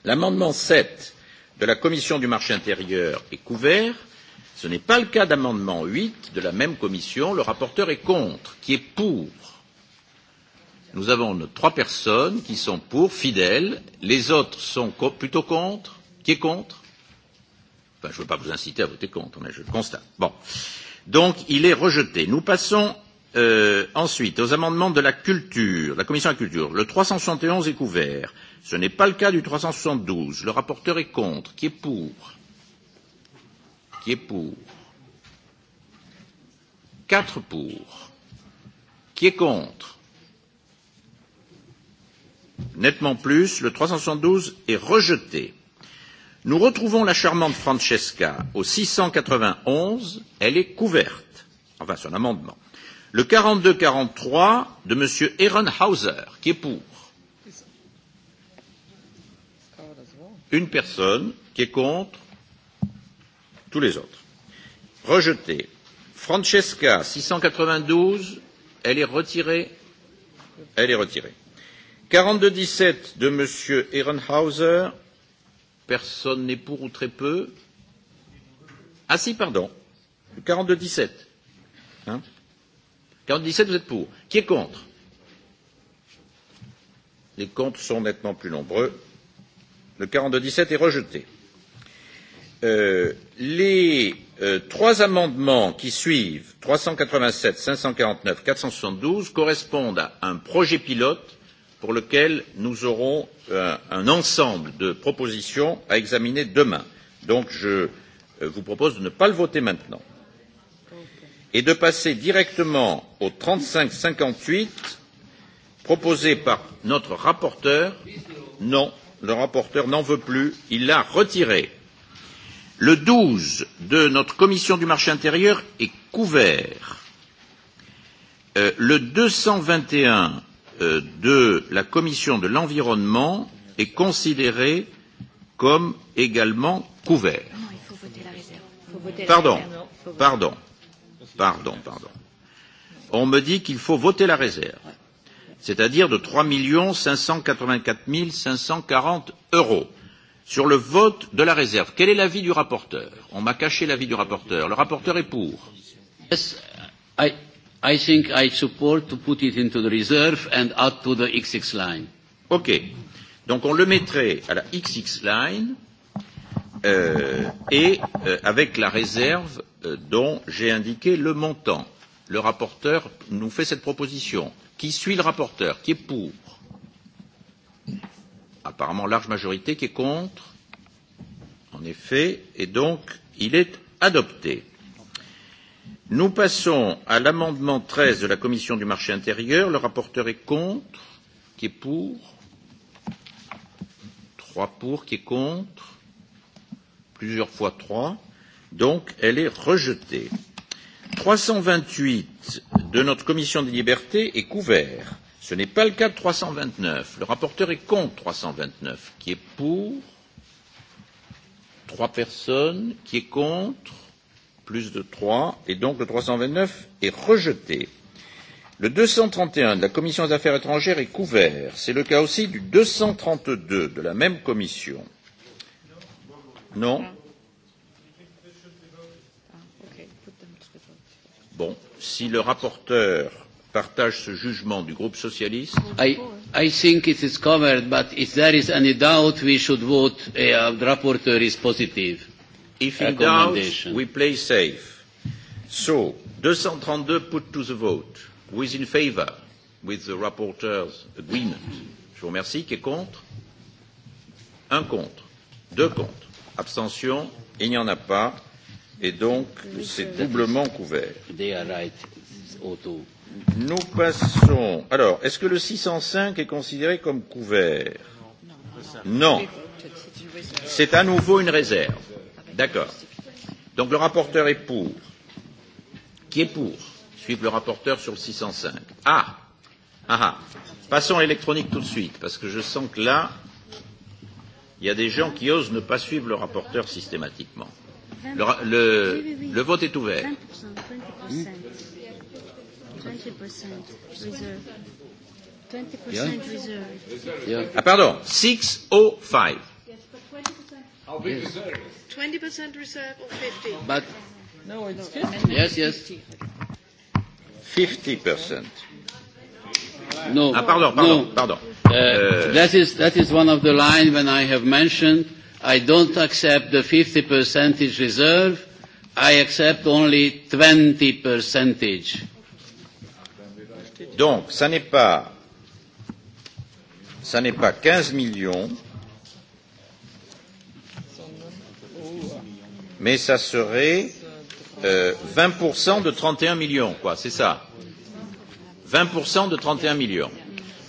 Speaker 1: L'amendement sept de la commission du marché intérieur est couvert. Ce n'est pas le cas d'amendement huit de la même commission. Le rapporteur est contre. Qui est pour Nous avons nos trois personnes qui sont pour, fidèles. Les autres sont co plutôt contre. Qui est contre Enfin, je ne veux pas vous inciter à voter contre, mais je le constate. Bon. Donc, il est rejeté. Nous passons Euh, ensuite, aux amendements de la culture, la commission de la culture, le 371 est couvert. Ce n'est pas le cas du 372. Le rapporteur est contre. Qui est pour Qui est pour Quatre pour. Qui est contre Nettement plus, le 372 est rejeté. Nous retrouvons la charmante Francesca au 691. Elle est couverte. Enfin, son amendement. Le 42-43 de M. Ehrenhauser, qui est pour. Une personne qui est contre. Tous les autres. Rejeté. Francesca, 692, elle est retirée. Elle est retirée. 42-17 de M. Ehrenhauser. Personne n'est pour ou très peu. Ah si, pardon. 42-17. Hein quarante dix sept vous êtes pour qui est contre? les comptes sont nettement plus nombreux le quarante deux dix sept est rejeté. Euh, les euh, trois amendements qui suivent trois cent quatre vingt sept cinq cent quarante neuf quatre cent soixante douze correspondent à un projet pilote pour lequel nous aurons un, euh, un ensemble de propositions à examiner demain. donc je euh, vous propose de ne pas le voter maintenant et de passer directement au trente cinq cinquante huit proposé par notre rapporteur non le rapporteur n'en veut plus il l'a retiré le douze de notre commission du marché intérieur est couvert euh, le deux cent vingt et un euh, de la commission de l'environnement est considéré comme également couvert.
Speaker 3: Non, il faut voter la réserve. Faut voter pardon, la réserve.
Speaker 1: pardon. Pardon, pardon. On me dit qu'il faut voter la réserve, c'est-à-dire de 3 584 540 euros. Sur le vote
Speaker 3: de la réserve, quel est l'avis du rapporteur On m'a caché l'avis du rapporteur. Le rapporteur est pour. Yes, I, I think I support to put it into the reserve and add to the XX line. OK. Donc on le mettrait à la XX line
Speaker 1: euh, et euh, avec la réserve euh, dont j'ai indiqué le montant. Le rapporteur nous fait cette proposition. Qui suit le rapporteur Qui est pour Apparemment large majorité qui est contre. En effet, et donc il est adopté. Nous passons à l'amendement treize de la Commission du marché intérieur. Le rapporteur est contre. Qui est pour Trois pour. Qui est contre plusieurs fois trois, donc elle est rejetée. Trois cent vingt huit de notre commission des libertés est couvert. Ce n'est pas le cas de trois cent vingt neuf. Le rapporteur est contre trois cent vingt neuf, qui est pour trois personnes, qui est contre plus de trois, et donc le trois cent vingt neuf est rejeté. Le deux cent trente et un de la commission des affaires étrangères est couvert. C'est le cas aussi du deux cent trente deux de la même commission. Non ah. ah, Bon, si le rapporteur partage ce jugement du groupe socialiste. Ah, I,
Speaker 3: I think it is covered, but if there is any doubt, we should vote. Uh, the rapporteur is positive. If in doubt,
Speaker 1: we play safe. So, 232 put to the vote. Who is in favour with the rapporteur's agreement? Je vous remercie. Qui est contre Un contre. Deux contre. Abstention Il n'y en a pas. Et donc, c'est doublement couvert. Nous passons. Alors, est-ce que le 605 est considéré comme couvert
Speaker 3: Non. C'est à
Speaker 1: nouveau une réserve. D'accord. Donc, le rapporteur est pour. Qui est pour Suive le rapporteur sur le 605. Ah Ah ah Passons à l'électronique tout de suite, parce que je sens que là, Il y a des gens qui osent ne pas suivre le rapporteur systématiquement. Le, le, le vote est ouvert. ah pardon, 605. yes.
Speaker 3: 20% reserve or 50? But no, it's 50. Yes, yes.
Speaker 1: 50%. No. Ah, pardon, pardon, no.
Speaker 3: pardon. Uh, that, is, that is one of the line when I have mentioned I don't accept the 50 percentage reserve. I accept only 20 percentage. Donc, ça n'est pas,
Speaker 1: ça n'est pas 15 millions, mais ça serait euh, 20% de 31 millions, quoi, c'est ça. 20% de 31 millions.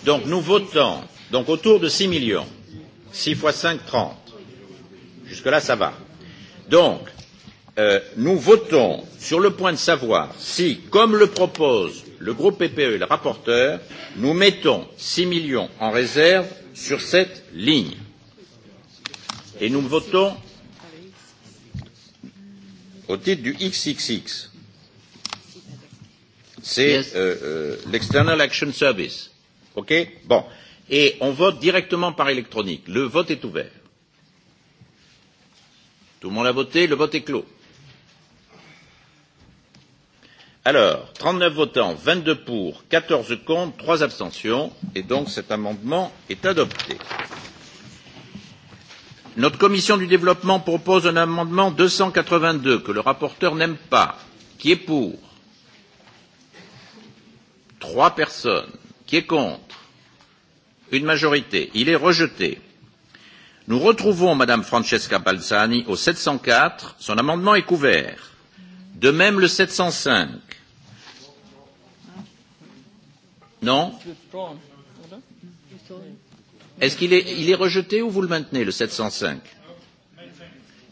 Speaker 1: Donc nous votons donc autour de 6 millions. 6 fois 5, 30. Jusque-là, ça va. Donc, euh, nous votons sur le point de savoir si, comme le propose le groupe PPE et le rapporteur, nous mettons 6 millions en réserve sur cette ligne. Et nous votons au titre du XXX. C'est euh, euh, l'External Action Service. OK Bon. Et on vote directement par électronique. Le vote est ouvert. Tout le monde a voté, le vote est clos. Alors, 39 votants, 22 pour, 14 contre, 3 abstentions, et donc cet amendement est adopté. Notre commission du développement propose un amendement 282 que le rapporteur n'aime pas. Qui est pour Trois personnes. Qui est contre une majorité. Il est rejeté. Nous retrouvons Madame Francesca Balzani au sept cent quatre, Son amendement est couvert. De même le sept cent cinq. Non Est-ce qu'il est, il est rejeté ou vous le maintenez, le sept cent cinq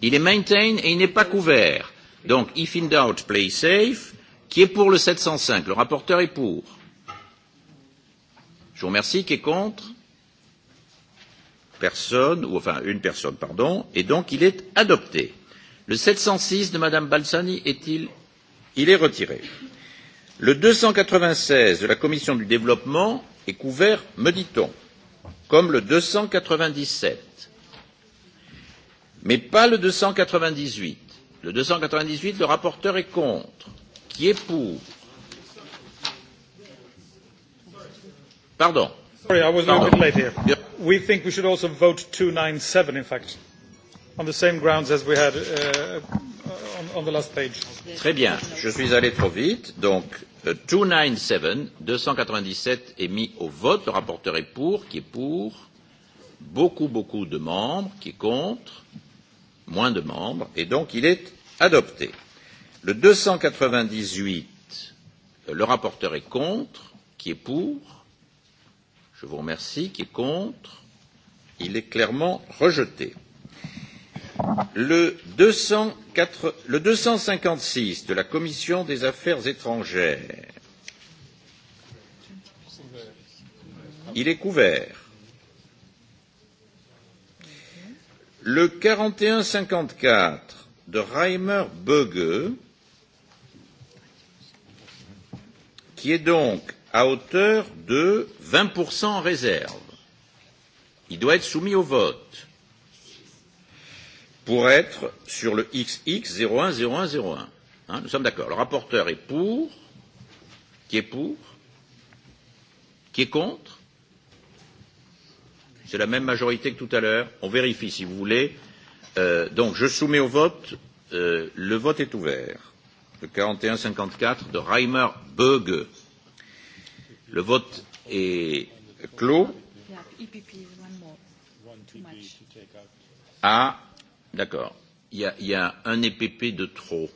Speaker 1: Il est maintained et il n'est pas couvert. Donc, if in doubt, play safe. Qui est pour le sept cent cinq Le rapporteur est pour vous remercie. Qui est contre Personne, ou enfin une personne, pardon. Et donc il est adopté. Le 706 de Madame Balsani est-il Il est retiré. Le 296 de la Commission du développement est couvert, me dit-on, comme le 297, mais pas le 298. Le 298, le rapporteur est contre. Qui est
Speaker 4: pour Pardon. Sorry, I was Pardon. a bit late here. Yep. We think we should also vote 297, in fact,
Speaker 2: on the same grounds as we had uh, uh, on, on the last page.
Speaker 1: Très bien. Je suis allé trop vite. Donc, uh, 297, 297 est mis au vote. Le rapporteur est pour. Qui est pour Beaucoup, beaucoup de membres. Qui est contre Moins de membres. Et donc, il est adopté. Le 298, euh, le rapporteur est contre. Qui est pour je vous remercie. Qui est contre Il est clairement rejeté. Le deux cent cinquante six de la Commission des affaires étrangères. Il est couvert. Le quarante et un cinquante quatre de Reimer Böge, qui est donc à hauteur de 20% en réserve. Il doit être soumis au vote pour être sur le XX010101. Hein, nous sommes d'accord. Le rapporteur est pour. Qui est pour Qui est contre C'est la même majorité que tout à l'heure. On vérifie si vous voulez. Euh, donc je soumets au vote. Euh, le vote est ouvert. Le 4154 de Reimer Böge. Le vote est clos. E ah, d'accord. Il y, a, il y a un EPP de trop.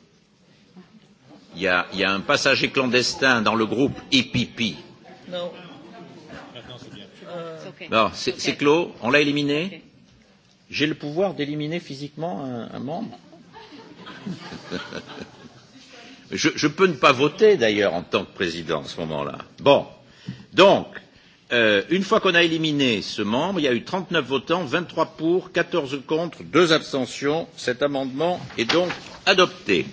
Speaker 1: Il y, a, il y a un passager clandestin dans le groupe EPP.
Speaker 2: Non. c'est euh, clos.
Speaker 1: On l'a éliminé. J'ai le pouvoir d'éliminer physiquement un, un membre. je, je peux ne pas voter d'ailleurs en tant que président à ce moment-là. Bon. Donc, euh, une fois qu'on a éliminé ce membre, il y a eu trente neuf votants, vingt trois pour, quatorze contre, deux abstentions. Cet amendement est donc adopté.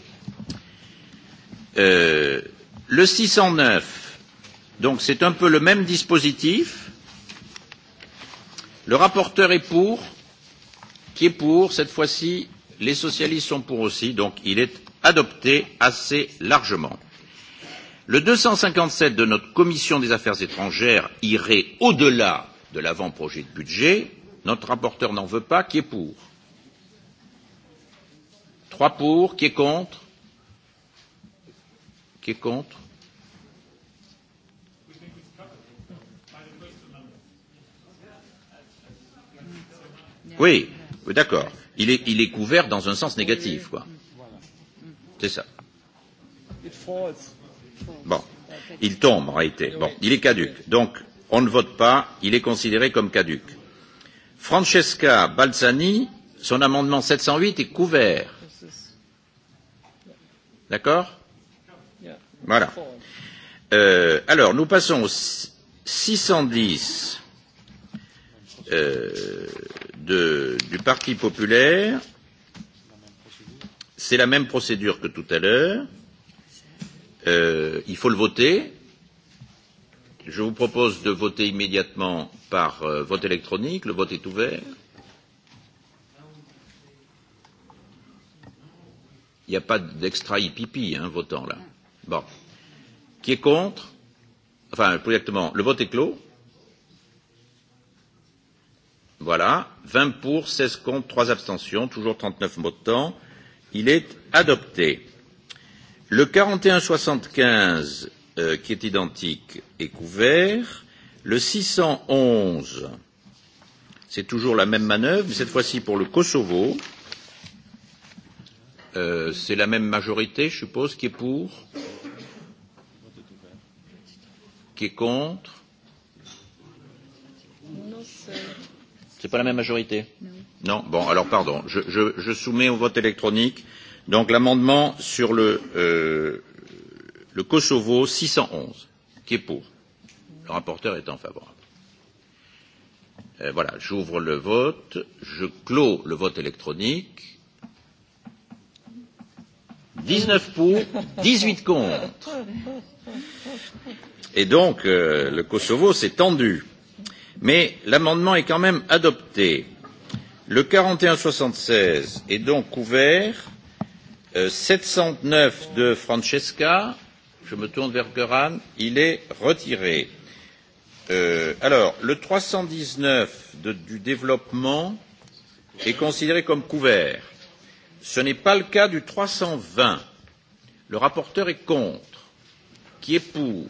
Speaker 1: Euh, le six cent neuf, donc c'est un peu le même dispositif. Le rapporteur est pour. Qui est pour Cette fois-ci, les socialistes sont pour aussi, donc il est adopté assez largement. Le deux cent cinquante sept de notre commission des affaires étrangères irait au-delà de l'avant-projet de budget. Notre rapporteur n'en veut pas. Qui est pour Trois pour. Qui est contre Qui est contre Oui, d'accord. Il est, il est couvert dans un sens négatif, quoi. C'est ça. It falls Bon. Il tombe en réalité. Bon, il est caduc. Donc, on ne vote pas. Il est considéré comme caduc. Francesca Balzani, son amendement 708 est couvert. D'accord Voilà. Euh, alors, nous passons au 610 euh, de, du Parti populaire. C'est la même procédure que tout à l'heure. Euh, il faut le voter. Je vous propose de voter immédiatement par euh, vote électronique. Le vote est ouvert. Il n'y a pas d'extra IPP, hein, votant là. Bon. Qui est contre Enfin, plus exactement, le vote est clos. Voilà. 20 pour, 16 contre, 3 abstentions, toujours 39 votants. Il est adopté. Le quarante et un soixante quinze euh, qui est identique est couvert. Le six cent onze, c'est toujours la même manœuvre, mais cette fois-ci pour le Kosovo. Euh, c'est la même majorité, je suppose, qui est pour, qui est contre. C'est pas la même majorité. Non. non bon, alors pardon. Je, je, je soumets au vote électronique Donc l'amendement sur euh, le, Kosovo six cent onze, qui est pour. Le rapporteur étant favorable. Euh, voilà, j'ouvre le vote, je clos le vote électronique. dix neuf pour, dix huit contre. Et donc, euh, le Kosovo s'est tendu. Mais l'amendement est quand même adopté. Le quarante et un soixante seize est donc couvert Euh, sept cent neuf de francesca je me tourne vers Göran, il est retiré. Euh, alors, le trois cent dix neuf du développement est considéré comme couvert. Ce n'est pas le cas du trois cent vingt. Le rapporteur est contre. Qui est pour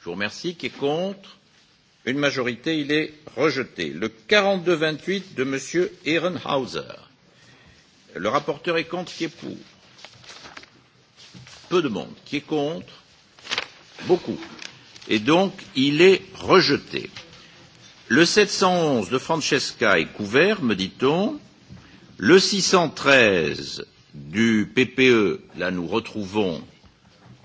Speaker 1: Je vous remercie. Qui est contre Une majorité, il est rejeté. Le quarante deux vingt huit de M. Ehrenhauser. Le rapporteur est contre, qui est pour Peu de monde. Qui est contre Beaucoup. Et donc, il est rejeté. Le 711 de Francesca est couvert, me dit-on. Le 613 du PPE, là nous retrouvons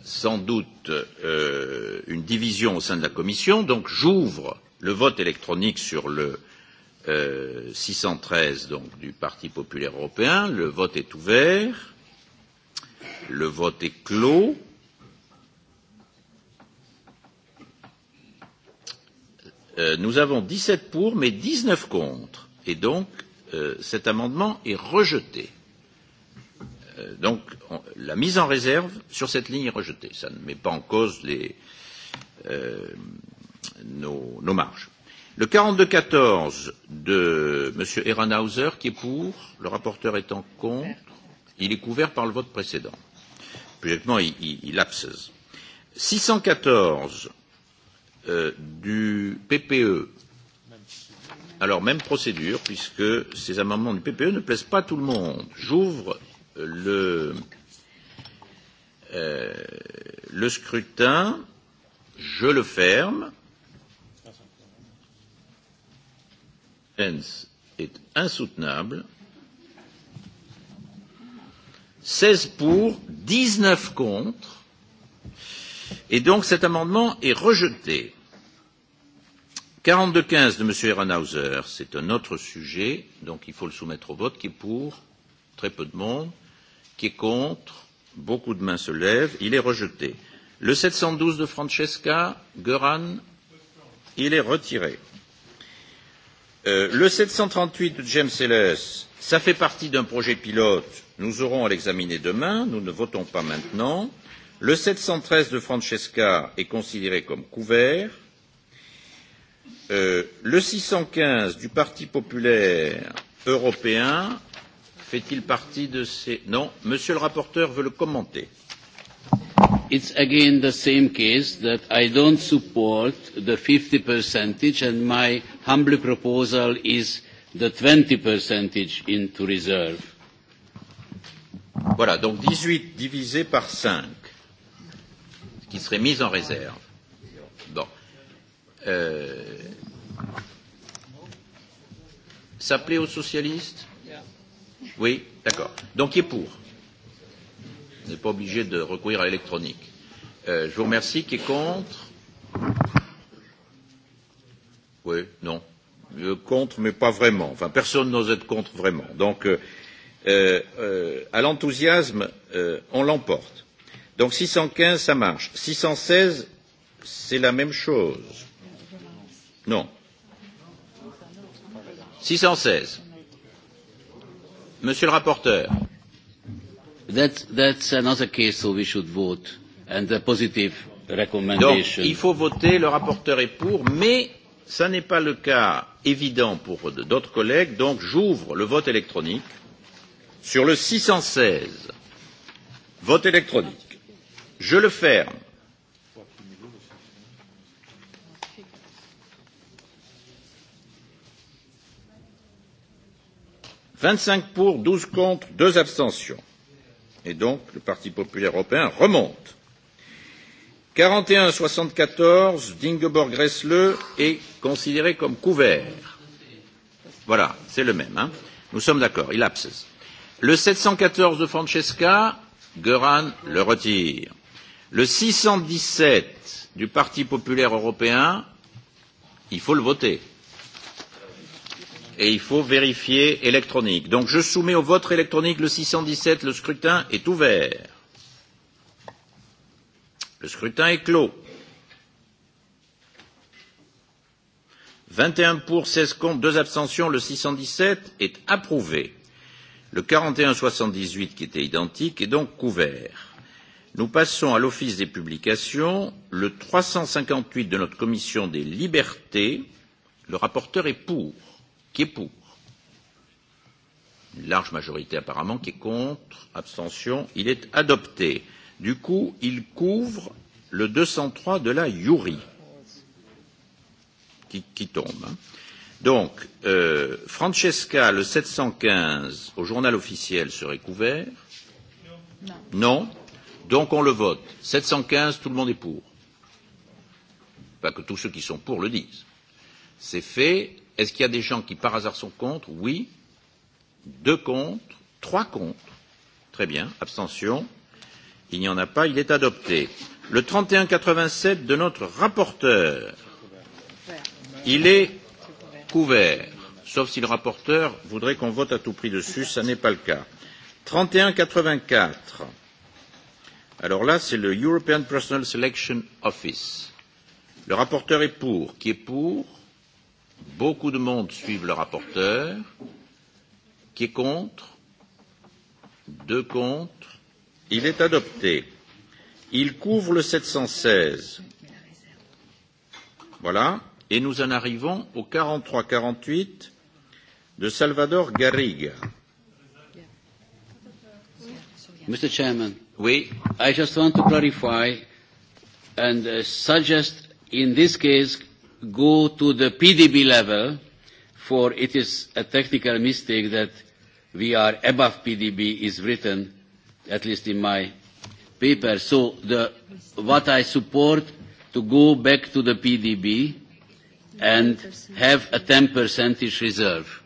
Speaker 1: sans doute euh, une division au sein de la Commission, donc j'ouvre le vote électronique sur le Euh, six cent treize donc du Parti populaire européen. Le vote est ouvert. Le vote est clos. Euh, nous avons dix sept pour, mais dix neuf contre. Et donc, euh, cet amendement est rejeté. Euh, donc, on, la mise en réserve sur cette ligne est rejetée. Ça ne met pas en cause les, euh, nos, nos marges. Le 42 quatorze de M. Ehrenhauser, qui est pour, le rapporteur étant contre, il est couvert par le vote précédent. Puisquement, il, il, il abscesse. 614 euh, du PPE. Alors, même procédure, puisque ces amendements du PPE ne plaisent pas à tout le monde. J'ouvre le, euh, le scrutin, je le ferme. keynes est insoutenable seize pour dix neuf contre et donc cet amendement est rejeté. quarante quinze de m. ehrenhauser c'est un autre sujet donc il faut le soumettre au vote qui est pour très peu de monde qui est contre beaucoup de mains se lèvent il est rejeté. le sept cent douze de francesca Göran il est retiré. Euh, le sept cent trente huit de james elles fait partie d'un projet pilote nous aurons à l'examiner demain nous ne votons pas maintenant le sept cent treize de francesca est considéré comme couvert euh, le six cent quinze du parti populaire européen fait il partie de ces non monsieur le rapporteur veut le commenter.
Speaker 3: It's again the same case that I don't support the 50 percentage and my humble proposal is the 20 percentage into reserve. Voilà, donc 18 divisé par 5,
Speaker 1: qui serait mise en réserve. Bon. Euh... Ça plaît aux socialistes Oui, d'accord. Donc il est pour n'est pas obligé de recourir à l'électronique. Euh, je vous remercie. Qui est contre Oui, non. Euh, contre, mais pas vraiment. Enfin, personne n'ose être contre vraiment. Donc, euh, euh, euh à l'enthousiasme, euh, on l'emporte. Donc, 615, ça marche. 616, c'est la même chose. Non.
Speaker 3: 616. Monsieur le rapporteur. That's, that's another case, so we should vote. And positive recommendation. Donc, il
Speaker 1: faut voter, le rapporteur est pour, mais ce n'est pas le cas évident pour d'autres collègues, donc j'ouvre le vote électronique sur le 616. Vote électronique. Je le ferme. Vingt-cinq pour, douze contre, deux abstentions et donc le Parti populaire européen remonte. Quarante et un soixante quatorze d'Ingeborg Gressle est considéré comme couvert. Voilà, c'est le même. Hein Nous sommes d'accord, il abscesse. Le sept cent quatorze de Francesca, Göran le retire. Le six cent dix sept du Parti populaire européen, il faut le voter et il faut vérifier électronique. Donc je soumets au vote électronique le 617, le scrutin est ouvert. Le scrutin est clos. 21 pour, 16 contre, 2 abstentions, le 617 est approuvé. Le 4178 qui était identique est donc couvert. Nous passons à l'Office des publications, le 358 de notre commission des libertés. Le rapporteur est pour qui est pour. Une large majorité apparemment qui est contre. Abstention. Il est adopté. Du coup, il couvre le 203 de la Yuri qui, qui tombe. Hein. Donc, euh, Francesca, le 715 au journal officiel serait couvert Non. non Donc on le vote. 715, tout le monde est pour. Pas que tous ceux qui sont pour le disent. C'est fait. Est-ce qu'il y a des gens qui par hasard sont contre Oui. Deux contre. Trois contre. Très bien. Abstention. Il n'y en a pas. Il est adopté. Le 3187 de notre rapporteur. Il est couvert. Sauf si le rapporteur voudrait qu'on vote à tout prix dessus. Ce n'est pas le cas. 3184. Alors là, c'est le European Personal Selection Office. Le rapporteur est pour. Qui est pour Beaucoup de monde suivent le rapporteur. Qui est contre Deux contre. Il est adopté. Il couvre le 716. Voilà. Et nous en arrivons au
Speaker 3: 43-48 de Salvador Garriga. Mr. Chairman, oui. I just want to clarify and uh, suggest in this case go to the PDB level, for it is a technical mistake that we are above PDB is written, at least in my paper. So the, what I support to go back to the PDB and have a 10 percentage reserve.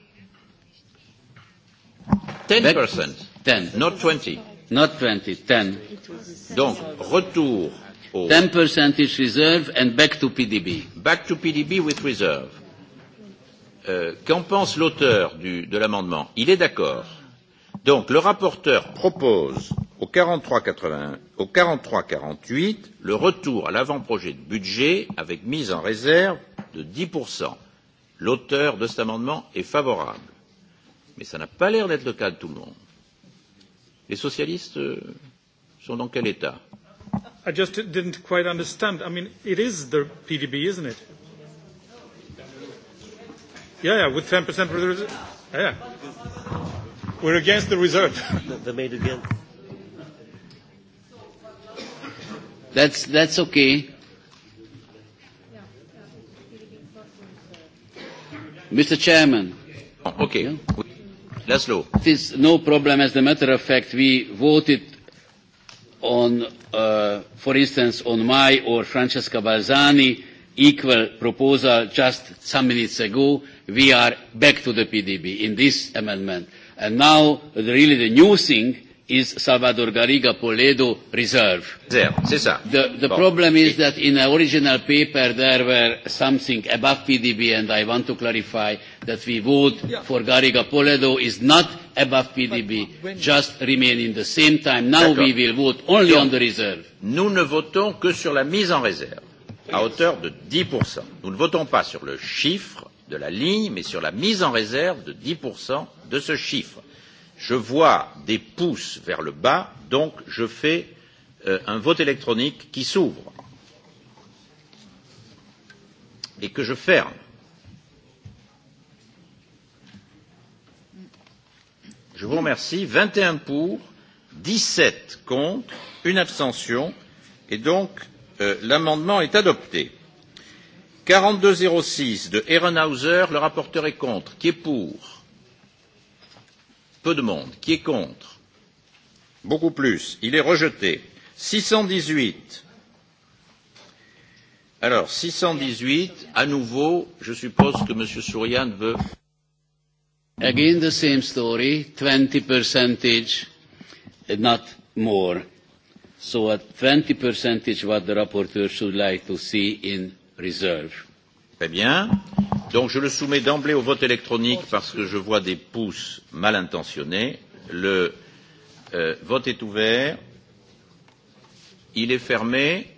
Speaker 3: 10 percent? 10. Not 20. Not 20, 10. Donc, retour 10% is reserve and back to PDB. Back to PDB with reserve.
Speaker 1: Euh, Qu'en pense l'auteur de l'amendement Il est d'accord. Donc le rapporteur propose au 43 48 au 43 le retour à l'avant-projet de budget avec mise en réserve de 10%. L'auteur de cet amendement est favorable. Mais ça n'a pas l'air d'être le cas de tout le monde. Les socialistes euh, sont dans quel état
Speaker 2: i just didn't quite understand. I mean, it is the PDB, isn't it?
Speaker 4: Yeah, yeah, with 10% for the reserve. Yeah. We're against the reserve. they made again.
Speaker 3: That's, that's okay. Mr. Chairman. Oh, okay. Let's Laszlo. It is no problem. As a matter of fact, we voted on uh, for instance, on my or Francesca Balzani equal proposal just some minutes ago, we are back to the PDB in this amendment. And now, the, really the new thing is Salvador Garriga Poledo Reserve. There, the, the bon. problem is that in the original paper there were something above PDB and I want to clarify that we vote yeah. for Garriga Poledo is not above PDB, just remain in the same time. Now we will vote only Donc, on the reserve. Nous ne votons
Speaker 1: que sur la mise en réserve, à hauteur de 10%. Nous ne votons pas sur le chiffre de la ligne, mais sur la mise en réserve de 10% de ce chiffre je vois des pouces vers le bas, donc je fais euh, un vote électronique qui s'ouvre et que je ferme. Je vous remercie. Vingt et un pour, dix sept contre, une abstention et donc euh, l'amendement est adopté. Quarante deux zéro six de Ehrenhauser, le rapporteur est contre. Qui est pour? peu de monde qui est contre beaucoup plus il est rejeté six cent dix huit
Speaker 3: alors six cent dix huit à nouveau je suppose que m. Souriane veut again the same story twenty percentage not more so at twenty percentage what the rapporteur should like to see in reserve. Très bien. Donc
Speaker 1: je le soumets d'emblée au vote électronique parce que je vois des pouces mal intentionnés. Le euh, vote est ouvert. Il est fermé.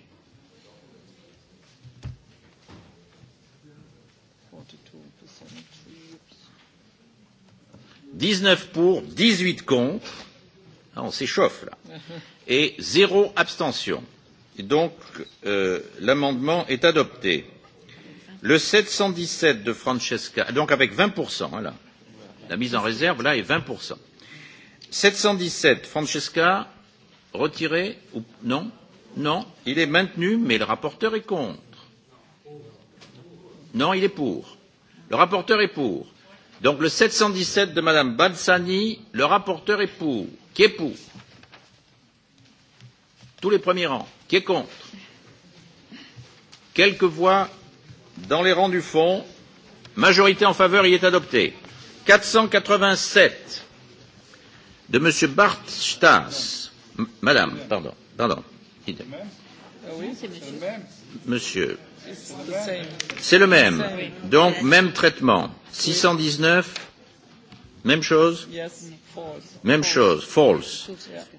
Speaker 1: dix neuf pour, dix huit contre. Ah, on s'échauffe là. Et zéro abstention. Et donc euh, l'amendement est adopté le sept cent dix sept de francesca donc avec vingt hein, la mise en réserve là est vingt sept cent dix sept francesca retiré ou non non il est maintenu mais le rapporteur est contre non il est pour le rapporteur est pour donc le sept cent dix sept de madame balzani le rapporteur est pour qui est pour tous les premiers rangs qui est contre quelques voix Dans les rangs du fond, majorité en faveur, il est adopté. 487 de M. Bart Stas. Madame, pardon, pardon.
Speaker 4: Ah
Speaker 1: Monsieur.
Speaker 2: C'est le même. Donc, même
Speaker 1: traitement. 619, même chose Même chose, false.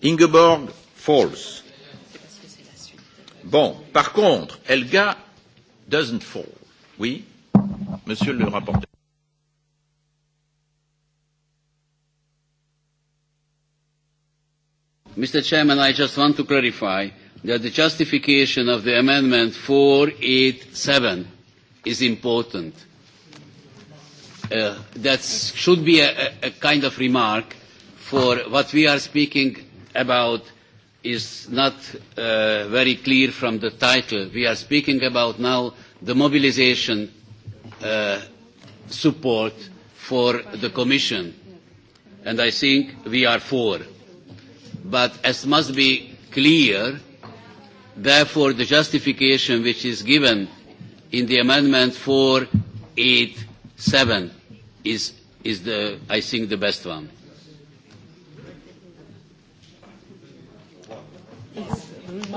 Speaker 1: Ingeborg, false. Bon, par contre, Elga doesn't fall monsieur le rapporteur.
Speaker 3: Mr. Chairman, I just want to clarify that the justification of the amendment seven is important. Uh, that should be a, a kind of remark for what we are speaking about is not uh, very clear from the title. We are speaking about now the mobilisation uh, support for the Commission. And I think we are for. But as must be clear, therefore the justification which is given in the amendment 487 is, is the, I think, the best one.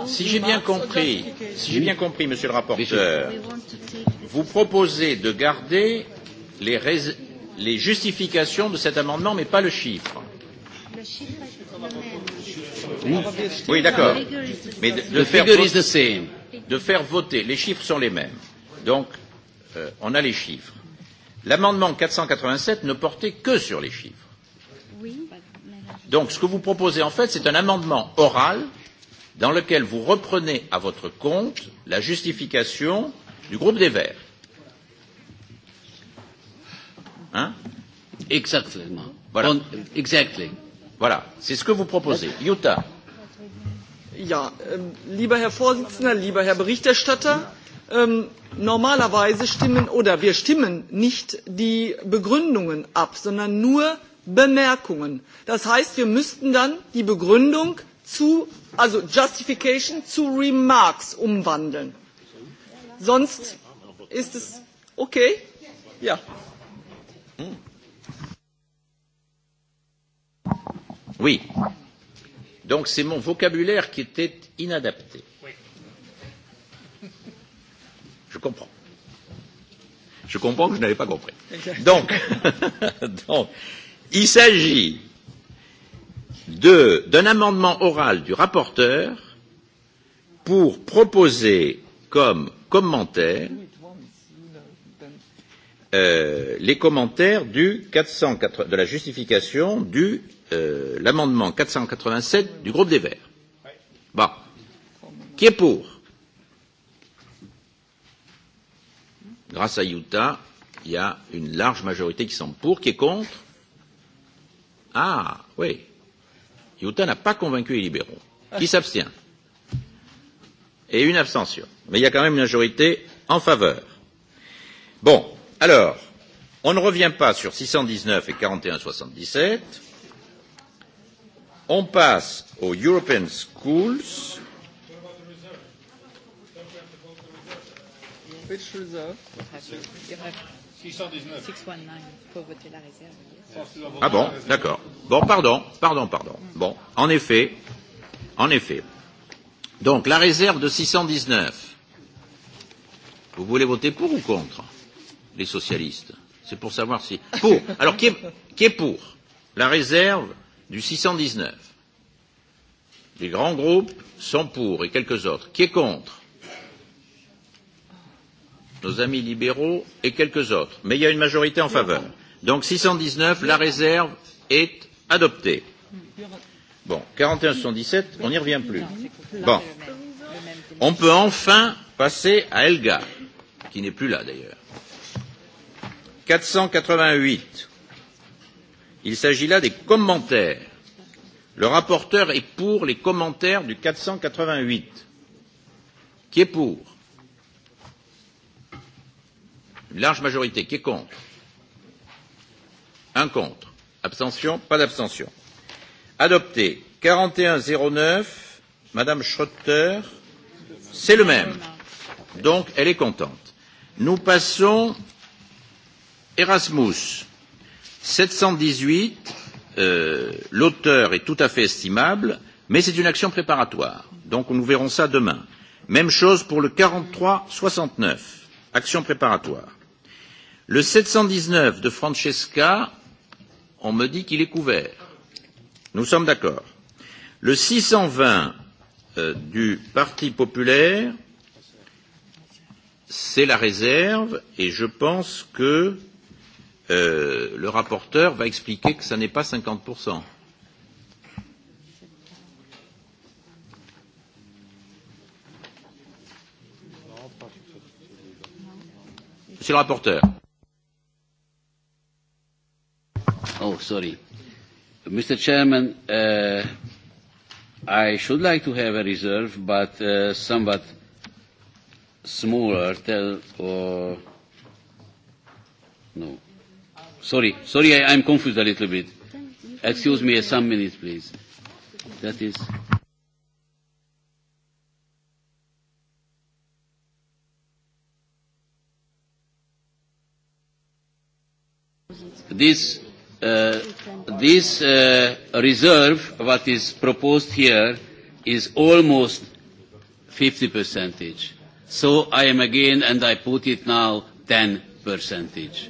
Speaker 2: Si j'ai bien compris,
Speaker 1: si j'ai bien compris, Monsieur le rapporteur, vous proposez de garder les, rais... les justifications de cet amendement, mais pas le chiffre.
Speaker 2: Oui, d'accord. Mais de, de, faire voter,
Speaker 1: de faire voter, les chiffres sont les mêmes. Donc, euh, on a les chiffres. L'amendement 487 ne portait que sur les chiffres. Donc, ce que vous proposez, en fait, c'est un amendement oral dans lequel vous reprenez à votre compte la justification du groupe des Verts.
Speaker 3: Hein Exactement. Voilà. On, exactly. Voilà,
Speaker 2: c'est ce que vous proposez. Jutta. Ja, äh, lieber Herr Vorsitzender, lieber Herr Berichterstatter, ähm, normalerweise stimmen oder wir stimmen nicht die Begründungen ab, sondern nur Bemerkungen. Das heißt, wir müssten dann die Begründung zu also justification zu remarks umwandeln. Sonst ist es okay? Ja.
Speaker 1: Oui. Donc c'est mon vocabulaire qui était inadapté. Je comprends. Je comprends que je n'avais pas compris. Donc, donc il s'agit d'un amendement oral du rapporteur pour proposer comme commentaire euh, les commentaires du 480, de la justification de euh, l'amendement 487 du groupe des Verts. Bon. Qui est pour Grâce à Utah, il y a une large majorité qui semble pour. Qui est contre Ah, oui. Utah n'a pas convaincu les libéraux. Qui s'abstient Et une abstention. Mais il y a quand même une majorité en faveur. Bon, alors, on ne revient pas sur 619 et 4177. On passe aux European Schools.
Speaker 2: Which reserve? What have you? you 619.
Speaker 4: 619, faut voter la réserve. Ah bon,
Speaker 1: d'accord. Bon, pardon, pardon, pardon. Bon, en effet, en effet. Donc, la réserve de 619, vous voulez voter pour ou contre les socialistes C'est pour savoir si... Pour Alors, qui est, qui est pour La réserve du 619. Les grands groupes sont pour et quelques autres. Qui est contre nos amis libéraux et quelques autres. Mais il y a une majorité en faveur. Donc six cent dix neuf, la réserve est adoptée. Bon, quarante et un soixante dix sept, on n'y revient plus. Bon. On peut enfin passer à Helga, qui n'est plus là d'ailleurs. Quatre cent quatre-vingt-huit. Il s'agit là des commentaires. Le rapporteur est pour les commentaires du quatre cent quatre-vingt-huit. Qui est pour Une large majorité. Qui est contre Un contre. Abstention Pas d'abstention. Adopté. 4109, Madame Schroeter, c'est le même. Donc, elle est contente. Nous passons Erasmus. 718, euh, l'auteur est tout à fait estimable, mais c'est une action préparatoire. Donc, nous verrons ça demain. Même chose pour le 4369, action préparatoire. Le sept cent dix neuf de Francesca, on me dit qu'il est couvert. Nous sommes d'accord. Le six cent vingt euh, du Parti populaire, c'est la réserve et je pense que euh, le rapporteur va expliquer que ce n'est pas cinquante
Speaker 3: Monsieur le rapporteur. Oh, sorry. Mr. Chairman, uh, I should like to have a reserve, but uh, somewhat smaller. Tell or no. Sorry, sorry, I, I'm confused a little bit. Excuse me, some minutes, please. That is. This uh, this uh, reserve, what is proposed here, is almost 50 percentage. So I am again, and I put it now, 10 percentage.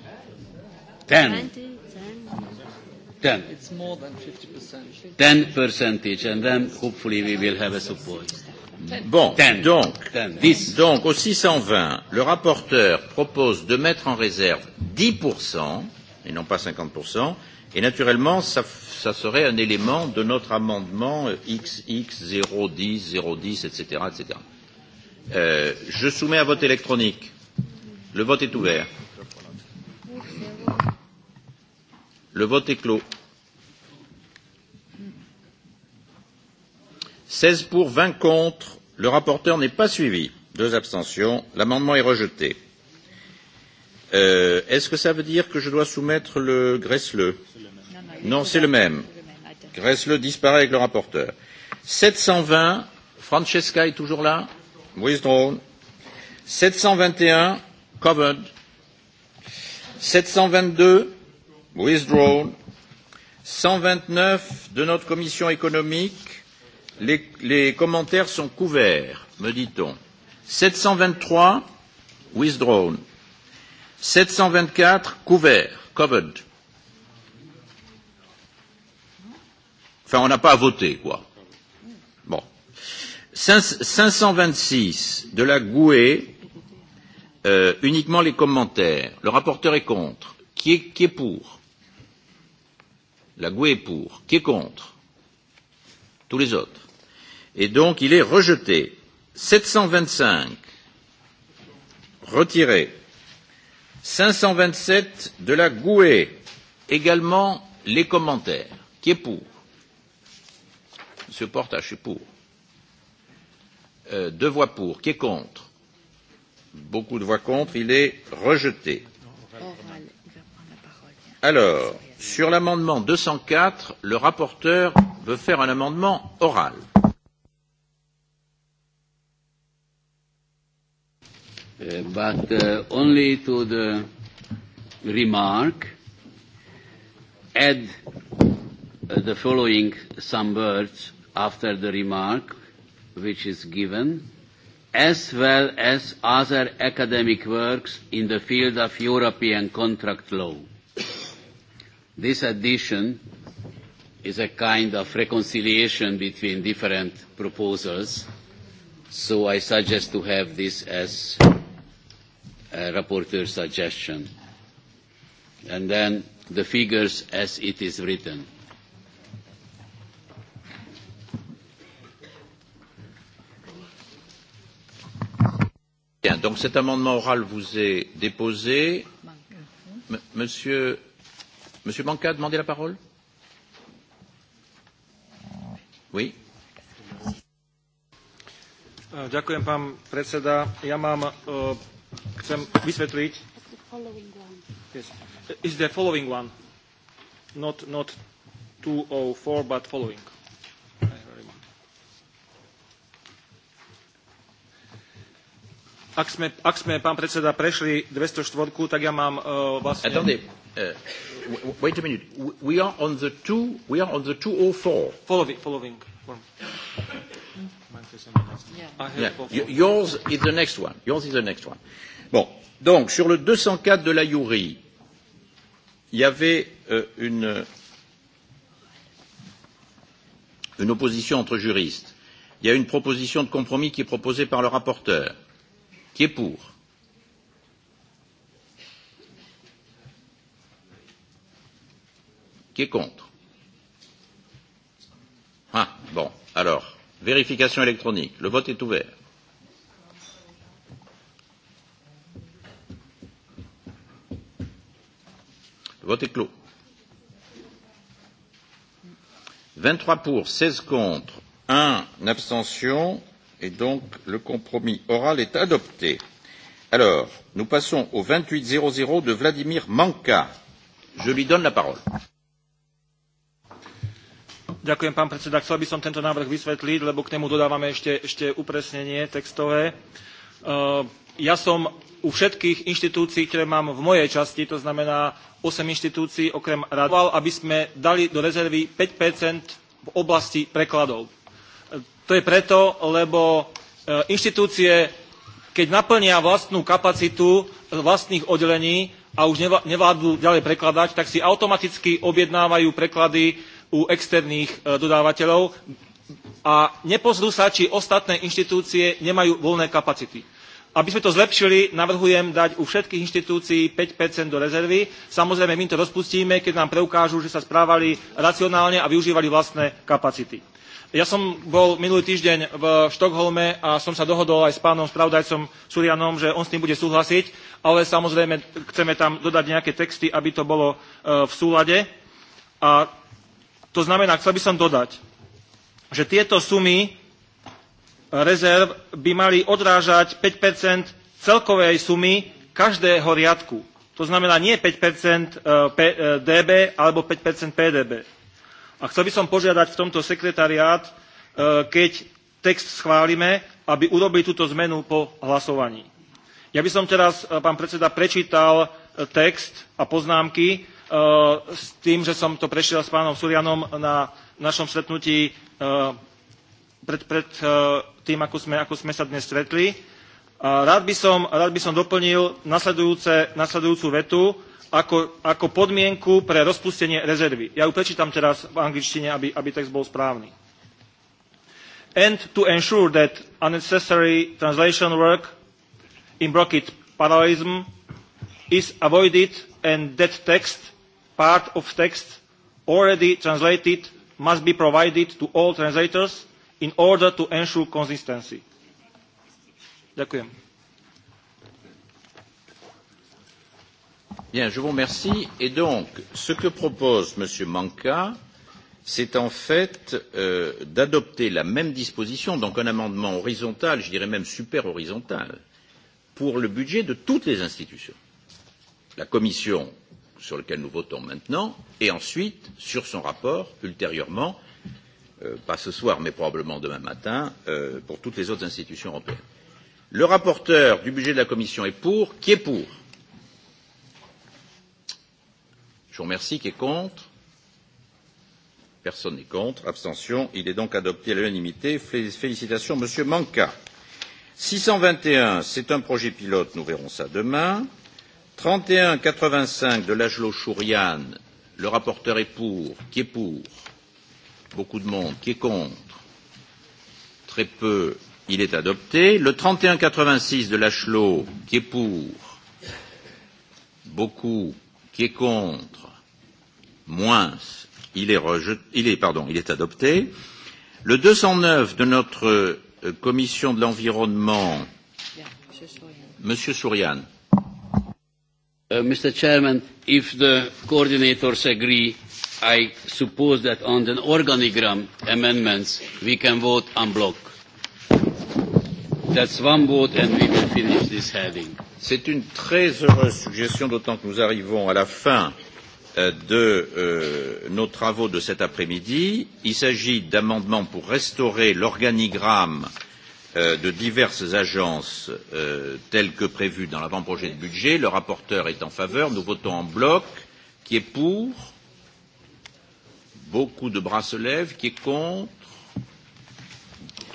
Speaker 3: 10. 10. It's more than 50 percentage. 10 percentage, and then hopefully we will have a support. Bon, Ten. donc, Ten.
Speaker 1: donc au 620, le rapporteur propose de mettre en réserve 10 et non pas 50%. Et naturellement, ça, ça serait un élément de notre amendement XX 010, 010, etc. etc. Euh, je soumets à vote électronique. Le vote est ouvert. Le vote est clos. 16 pour, 20 contre. Le rapporteur n'est pas suivi. Deux abstentions. L'amendement est rejeté. Euh, Est-ce que ça veut dire que je dois soumettre le Gressle Non, c'est le même. Gressle disparaît avec le rapporteur. 720, Francesca est toujours là Withdrawn. 721, covered. 722, withdrawn. 129 de notre commission économique, les, les commentaires sont couverts, me dit-on. 723, withdrawn. Sept cent vingt quatre couvert, covered. Enfin, on n'a pas à voter, quoi. Bon. six de la GUE, euh, uniquement les commentaires. Le rapporteur est contre. Qui est, qui est pour La GUE est pour. Qui est contre Tous les autres. Et donc, il est rejeté. 725, retiré cinq cent vingt sept de la GUE, également les commentaires. Qui est pour Monsieur Portage est pour. Euh, deux voix pour. Qui est contre Beaucoup de voix contre. Il est rejeté. Alors, sur l'amendement deux cent quatre, le rapporteur veut faire un amendement oral.
Speaker 3: Uh, but uh, only to the remark add uh, the following some words after the remark which is given as well as other academic works in the field of European contract law. This addition is a kind of reconciliation between different proposals, so I suggest to have this as Uh, rapporteur's suggestion. And then the figures as it is written.
Speaker 1: Bien, donc cet amendement oral vous est déposé. M monsieur, monsieur Banca, demandez la parole
Speaker 4: Oui. Ďakujem, pán predseda. Ja mám uh, chcem vysvetliť. Is the following one. Not, not 204, but following. Ak sme, ak sme, pán predseda, prešli 204, tak ja mám uh, vlastne... Attendez, uh, wait a minute. We are on the, two, we are on the 204. Following, following. Yeah.
Speaker 1: Yours is the next one. Yours is the next one. Bon. Donc, sur le 204 de la Youri, il y avait euh, une, euh, une opposition entre juristes. Il y a une proposition de compromis qui est proposée par le rapporteur. Qui est pour Qui est contre Ah, bon, alors, Vérification électronique. Le vote est ouvert. Le vote est clos. 23 pour, 16 contre, 1 abstention et donc le compromis oral est adopté. Alors, nous passons au 2800 de Vladimir Manka. Je lui donne la parole.
Speaker 4: Ďakujem, pán predseda. Chcel by som tento návrh vysvetliť, lebo k nemu dodávame ešte, ešte upresnenie textové. Uh, ja som u všetkých inštitúcií, ktoré mám v mojej časti, to znamená 8 inštitúcií, okrem radoval, aby sme dali do rezervy 5 v oblasti prekladov. To je preto, lebo uh, inštitúcie, keď naplnia vlastnú kapacitu vlastných oddelení a už nevládnu ďalej prekladať, tak si automaticky objednávajú preklady u externých e, dodávateľov a nepozrú sa, či ostatné inštitúcie nemajú voľné kapacity. Aby sme to zlepšili, navrhujem dať u všetkých inštitúcií 5 do rezervy. Samozrejme, my to rozpustíme, keď nám preukážu, že sa správali racionálne a využívali vlastné kapacity. Ja som bol minulý týždeň v Štokholme a som sa dohodol aj s pánom spravodajcom Surianom, že on s tým bude súhlasiť, ale samozrejme chceme tam dodať nejaké texty, aby to bolo e, v súlade. A to znamená, chcel by som dodať, že tieto sumy e, rezerv by mali odrážať 5 celkovej sumy každého riadku. To znamená nie 5 e, e, DB alebo 5 PDB. A chcel by som požiadať v tomto sekretariát, keď text schválime, aby urobili túto zmenu po hlasovaní. Ja by som teraz, pán predseda, prečítal text a poznámky, Eh, s tým, že som to prešiel s pánom Surianom na našom stretnutí eh, pred, pred eh, tým, ako sme, ako sme, sa dnes stretli. Rád by som, rád by som doplnil nasledujúcu vetu ako, ako, podmienku pre rozpustenie rezervy. Ja ju prečítam teraz v angličtine, aby, aby text bol správny. And to ensure that unnecessary translation work in bracket parallelism is avoided and that text part of text already translated must be provided to all translators in order to ensure consistency. Ďakujem.
Speaker 1: Bien, je vous remercie. Et donc, ce que propose M. Manka, c'est en fait euh, d'adopter la même disposition, donc un amendement horizontal, je dirais même super horizontal, pour le budget de toutes les institutions. La Commission sur lequel nous votons maintenant, et ensuite sur son rapport ultérieurement, euh, pas ce soir mais probablement demain matin, euh, pour toutes les autres institutions européennes. Le rapporteur du budget de la Commission est pour. Qui est pour Je vous remercie. Qui est contre Personne n'est contre. Abstention. Il est donc adopté à l'unanimité. Félicitations, Monsieur Manca. 621, c'est un projet pilote. Nous verrons ça demain. Trente et un quatre-vingt cinq de l'Ajlo Chourian, le rapporteur est pour, qui est pour Beaucoup de monde, qui est contre Très peu, il est adopté. Le trente et un quatre-vingt-six de Lachelot, qui est pour Beaucoup, qui est contre Moins, il est, rejet... il est, pardon, il est adopté. Le deux cent neuf de notre euh, commission de l'environnement,
Speaker 3: Monsieur Souriane, Uh, Mr. Chairman, if the coordinators agree, I suppose that on the organigram amendments, we can vote en bloc. That's one vote and we will finish this heading. C'est une très heureuse suggestion, d'autant que nous arrivons à la
Speaker 1: fin euh, de euh, nos travaux de cet après-midi. Il s'agit d'amendements pour restaurer l'organigramme euh, Euh, de diverses agences euh, telles que prévues dans l'avant-projet de budget. Le rapporteur est en faveur. Nous votons en bloc. Qui est pour Beaucoup de bras se lèvent. Qui est contre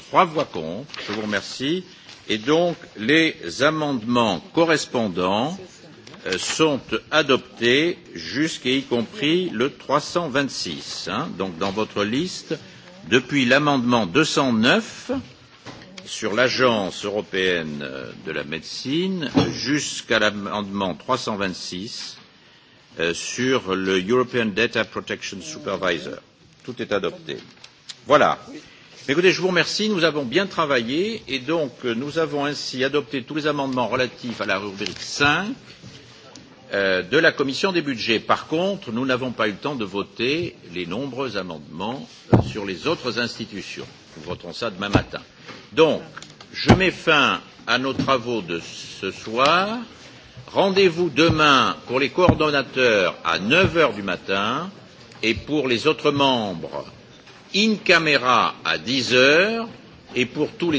Speaker 1: Trois voix contre. Je vous remercie. Et donc, les amendements correspondants euh, sont adoptés jusqu'à y compris le 326. Hein, donc, dans votre liste, depuis l'amendement 209, cent sur l'Agence européenne euh, de la médecine jusqu'à l'amendement 326 euh, sur le European Data Protection Supervisor. Tout est adopté. Voilà. Écoutez, je vous remercie. Nous avons bien travaillé et donc euh, nous avons ainsi adopté tous les amendements relatifs à la rubrique 5 de la commission des budgets. Par contre, nous n'avons pas eu le temps de voter les nombreux amendements sur les autres institutions. Nous voterons ça demain matin. Donc, je mets fin à nos travaux de ce soir. Rendez-vous demain pour les coordonnateurs à neuf heures du matin et pour les autres membres in camera à dix heures et pour tous les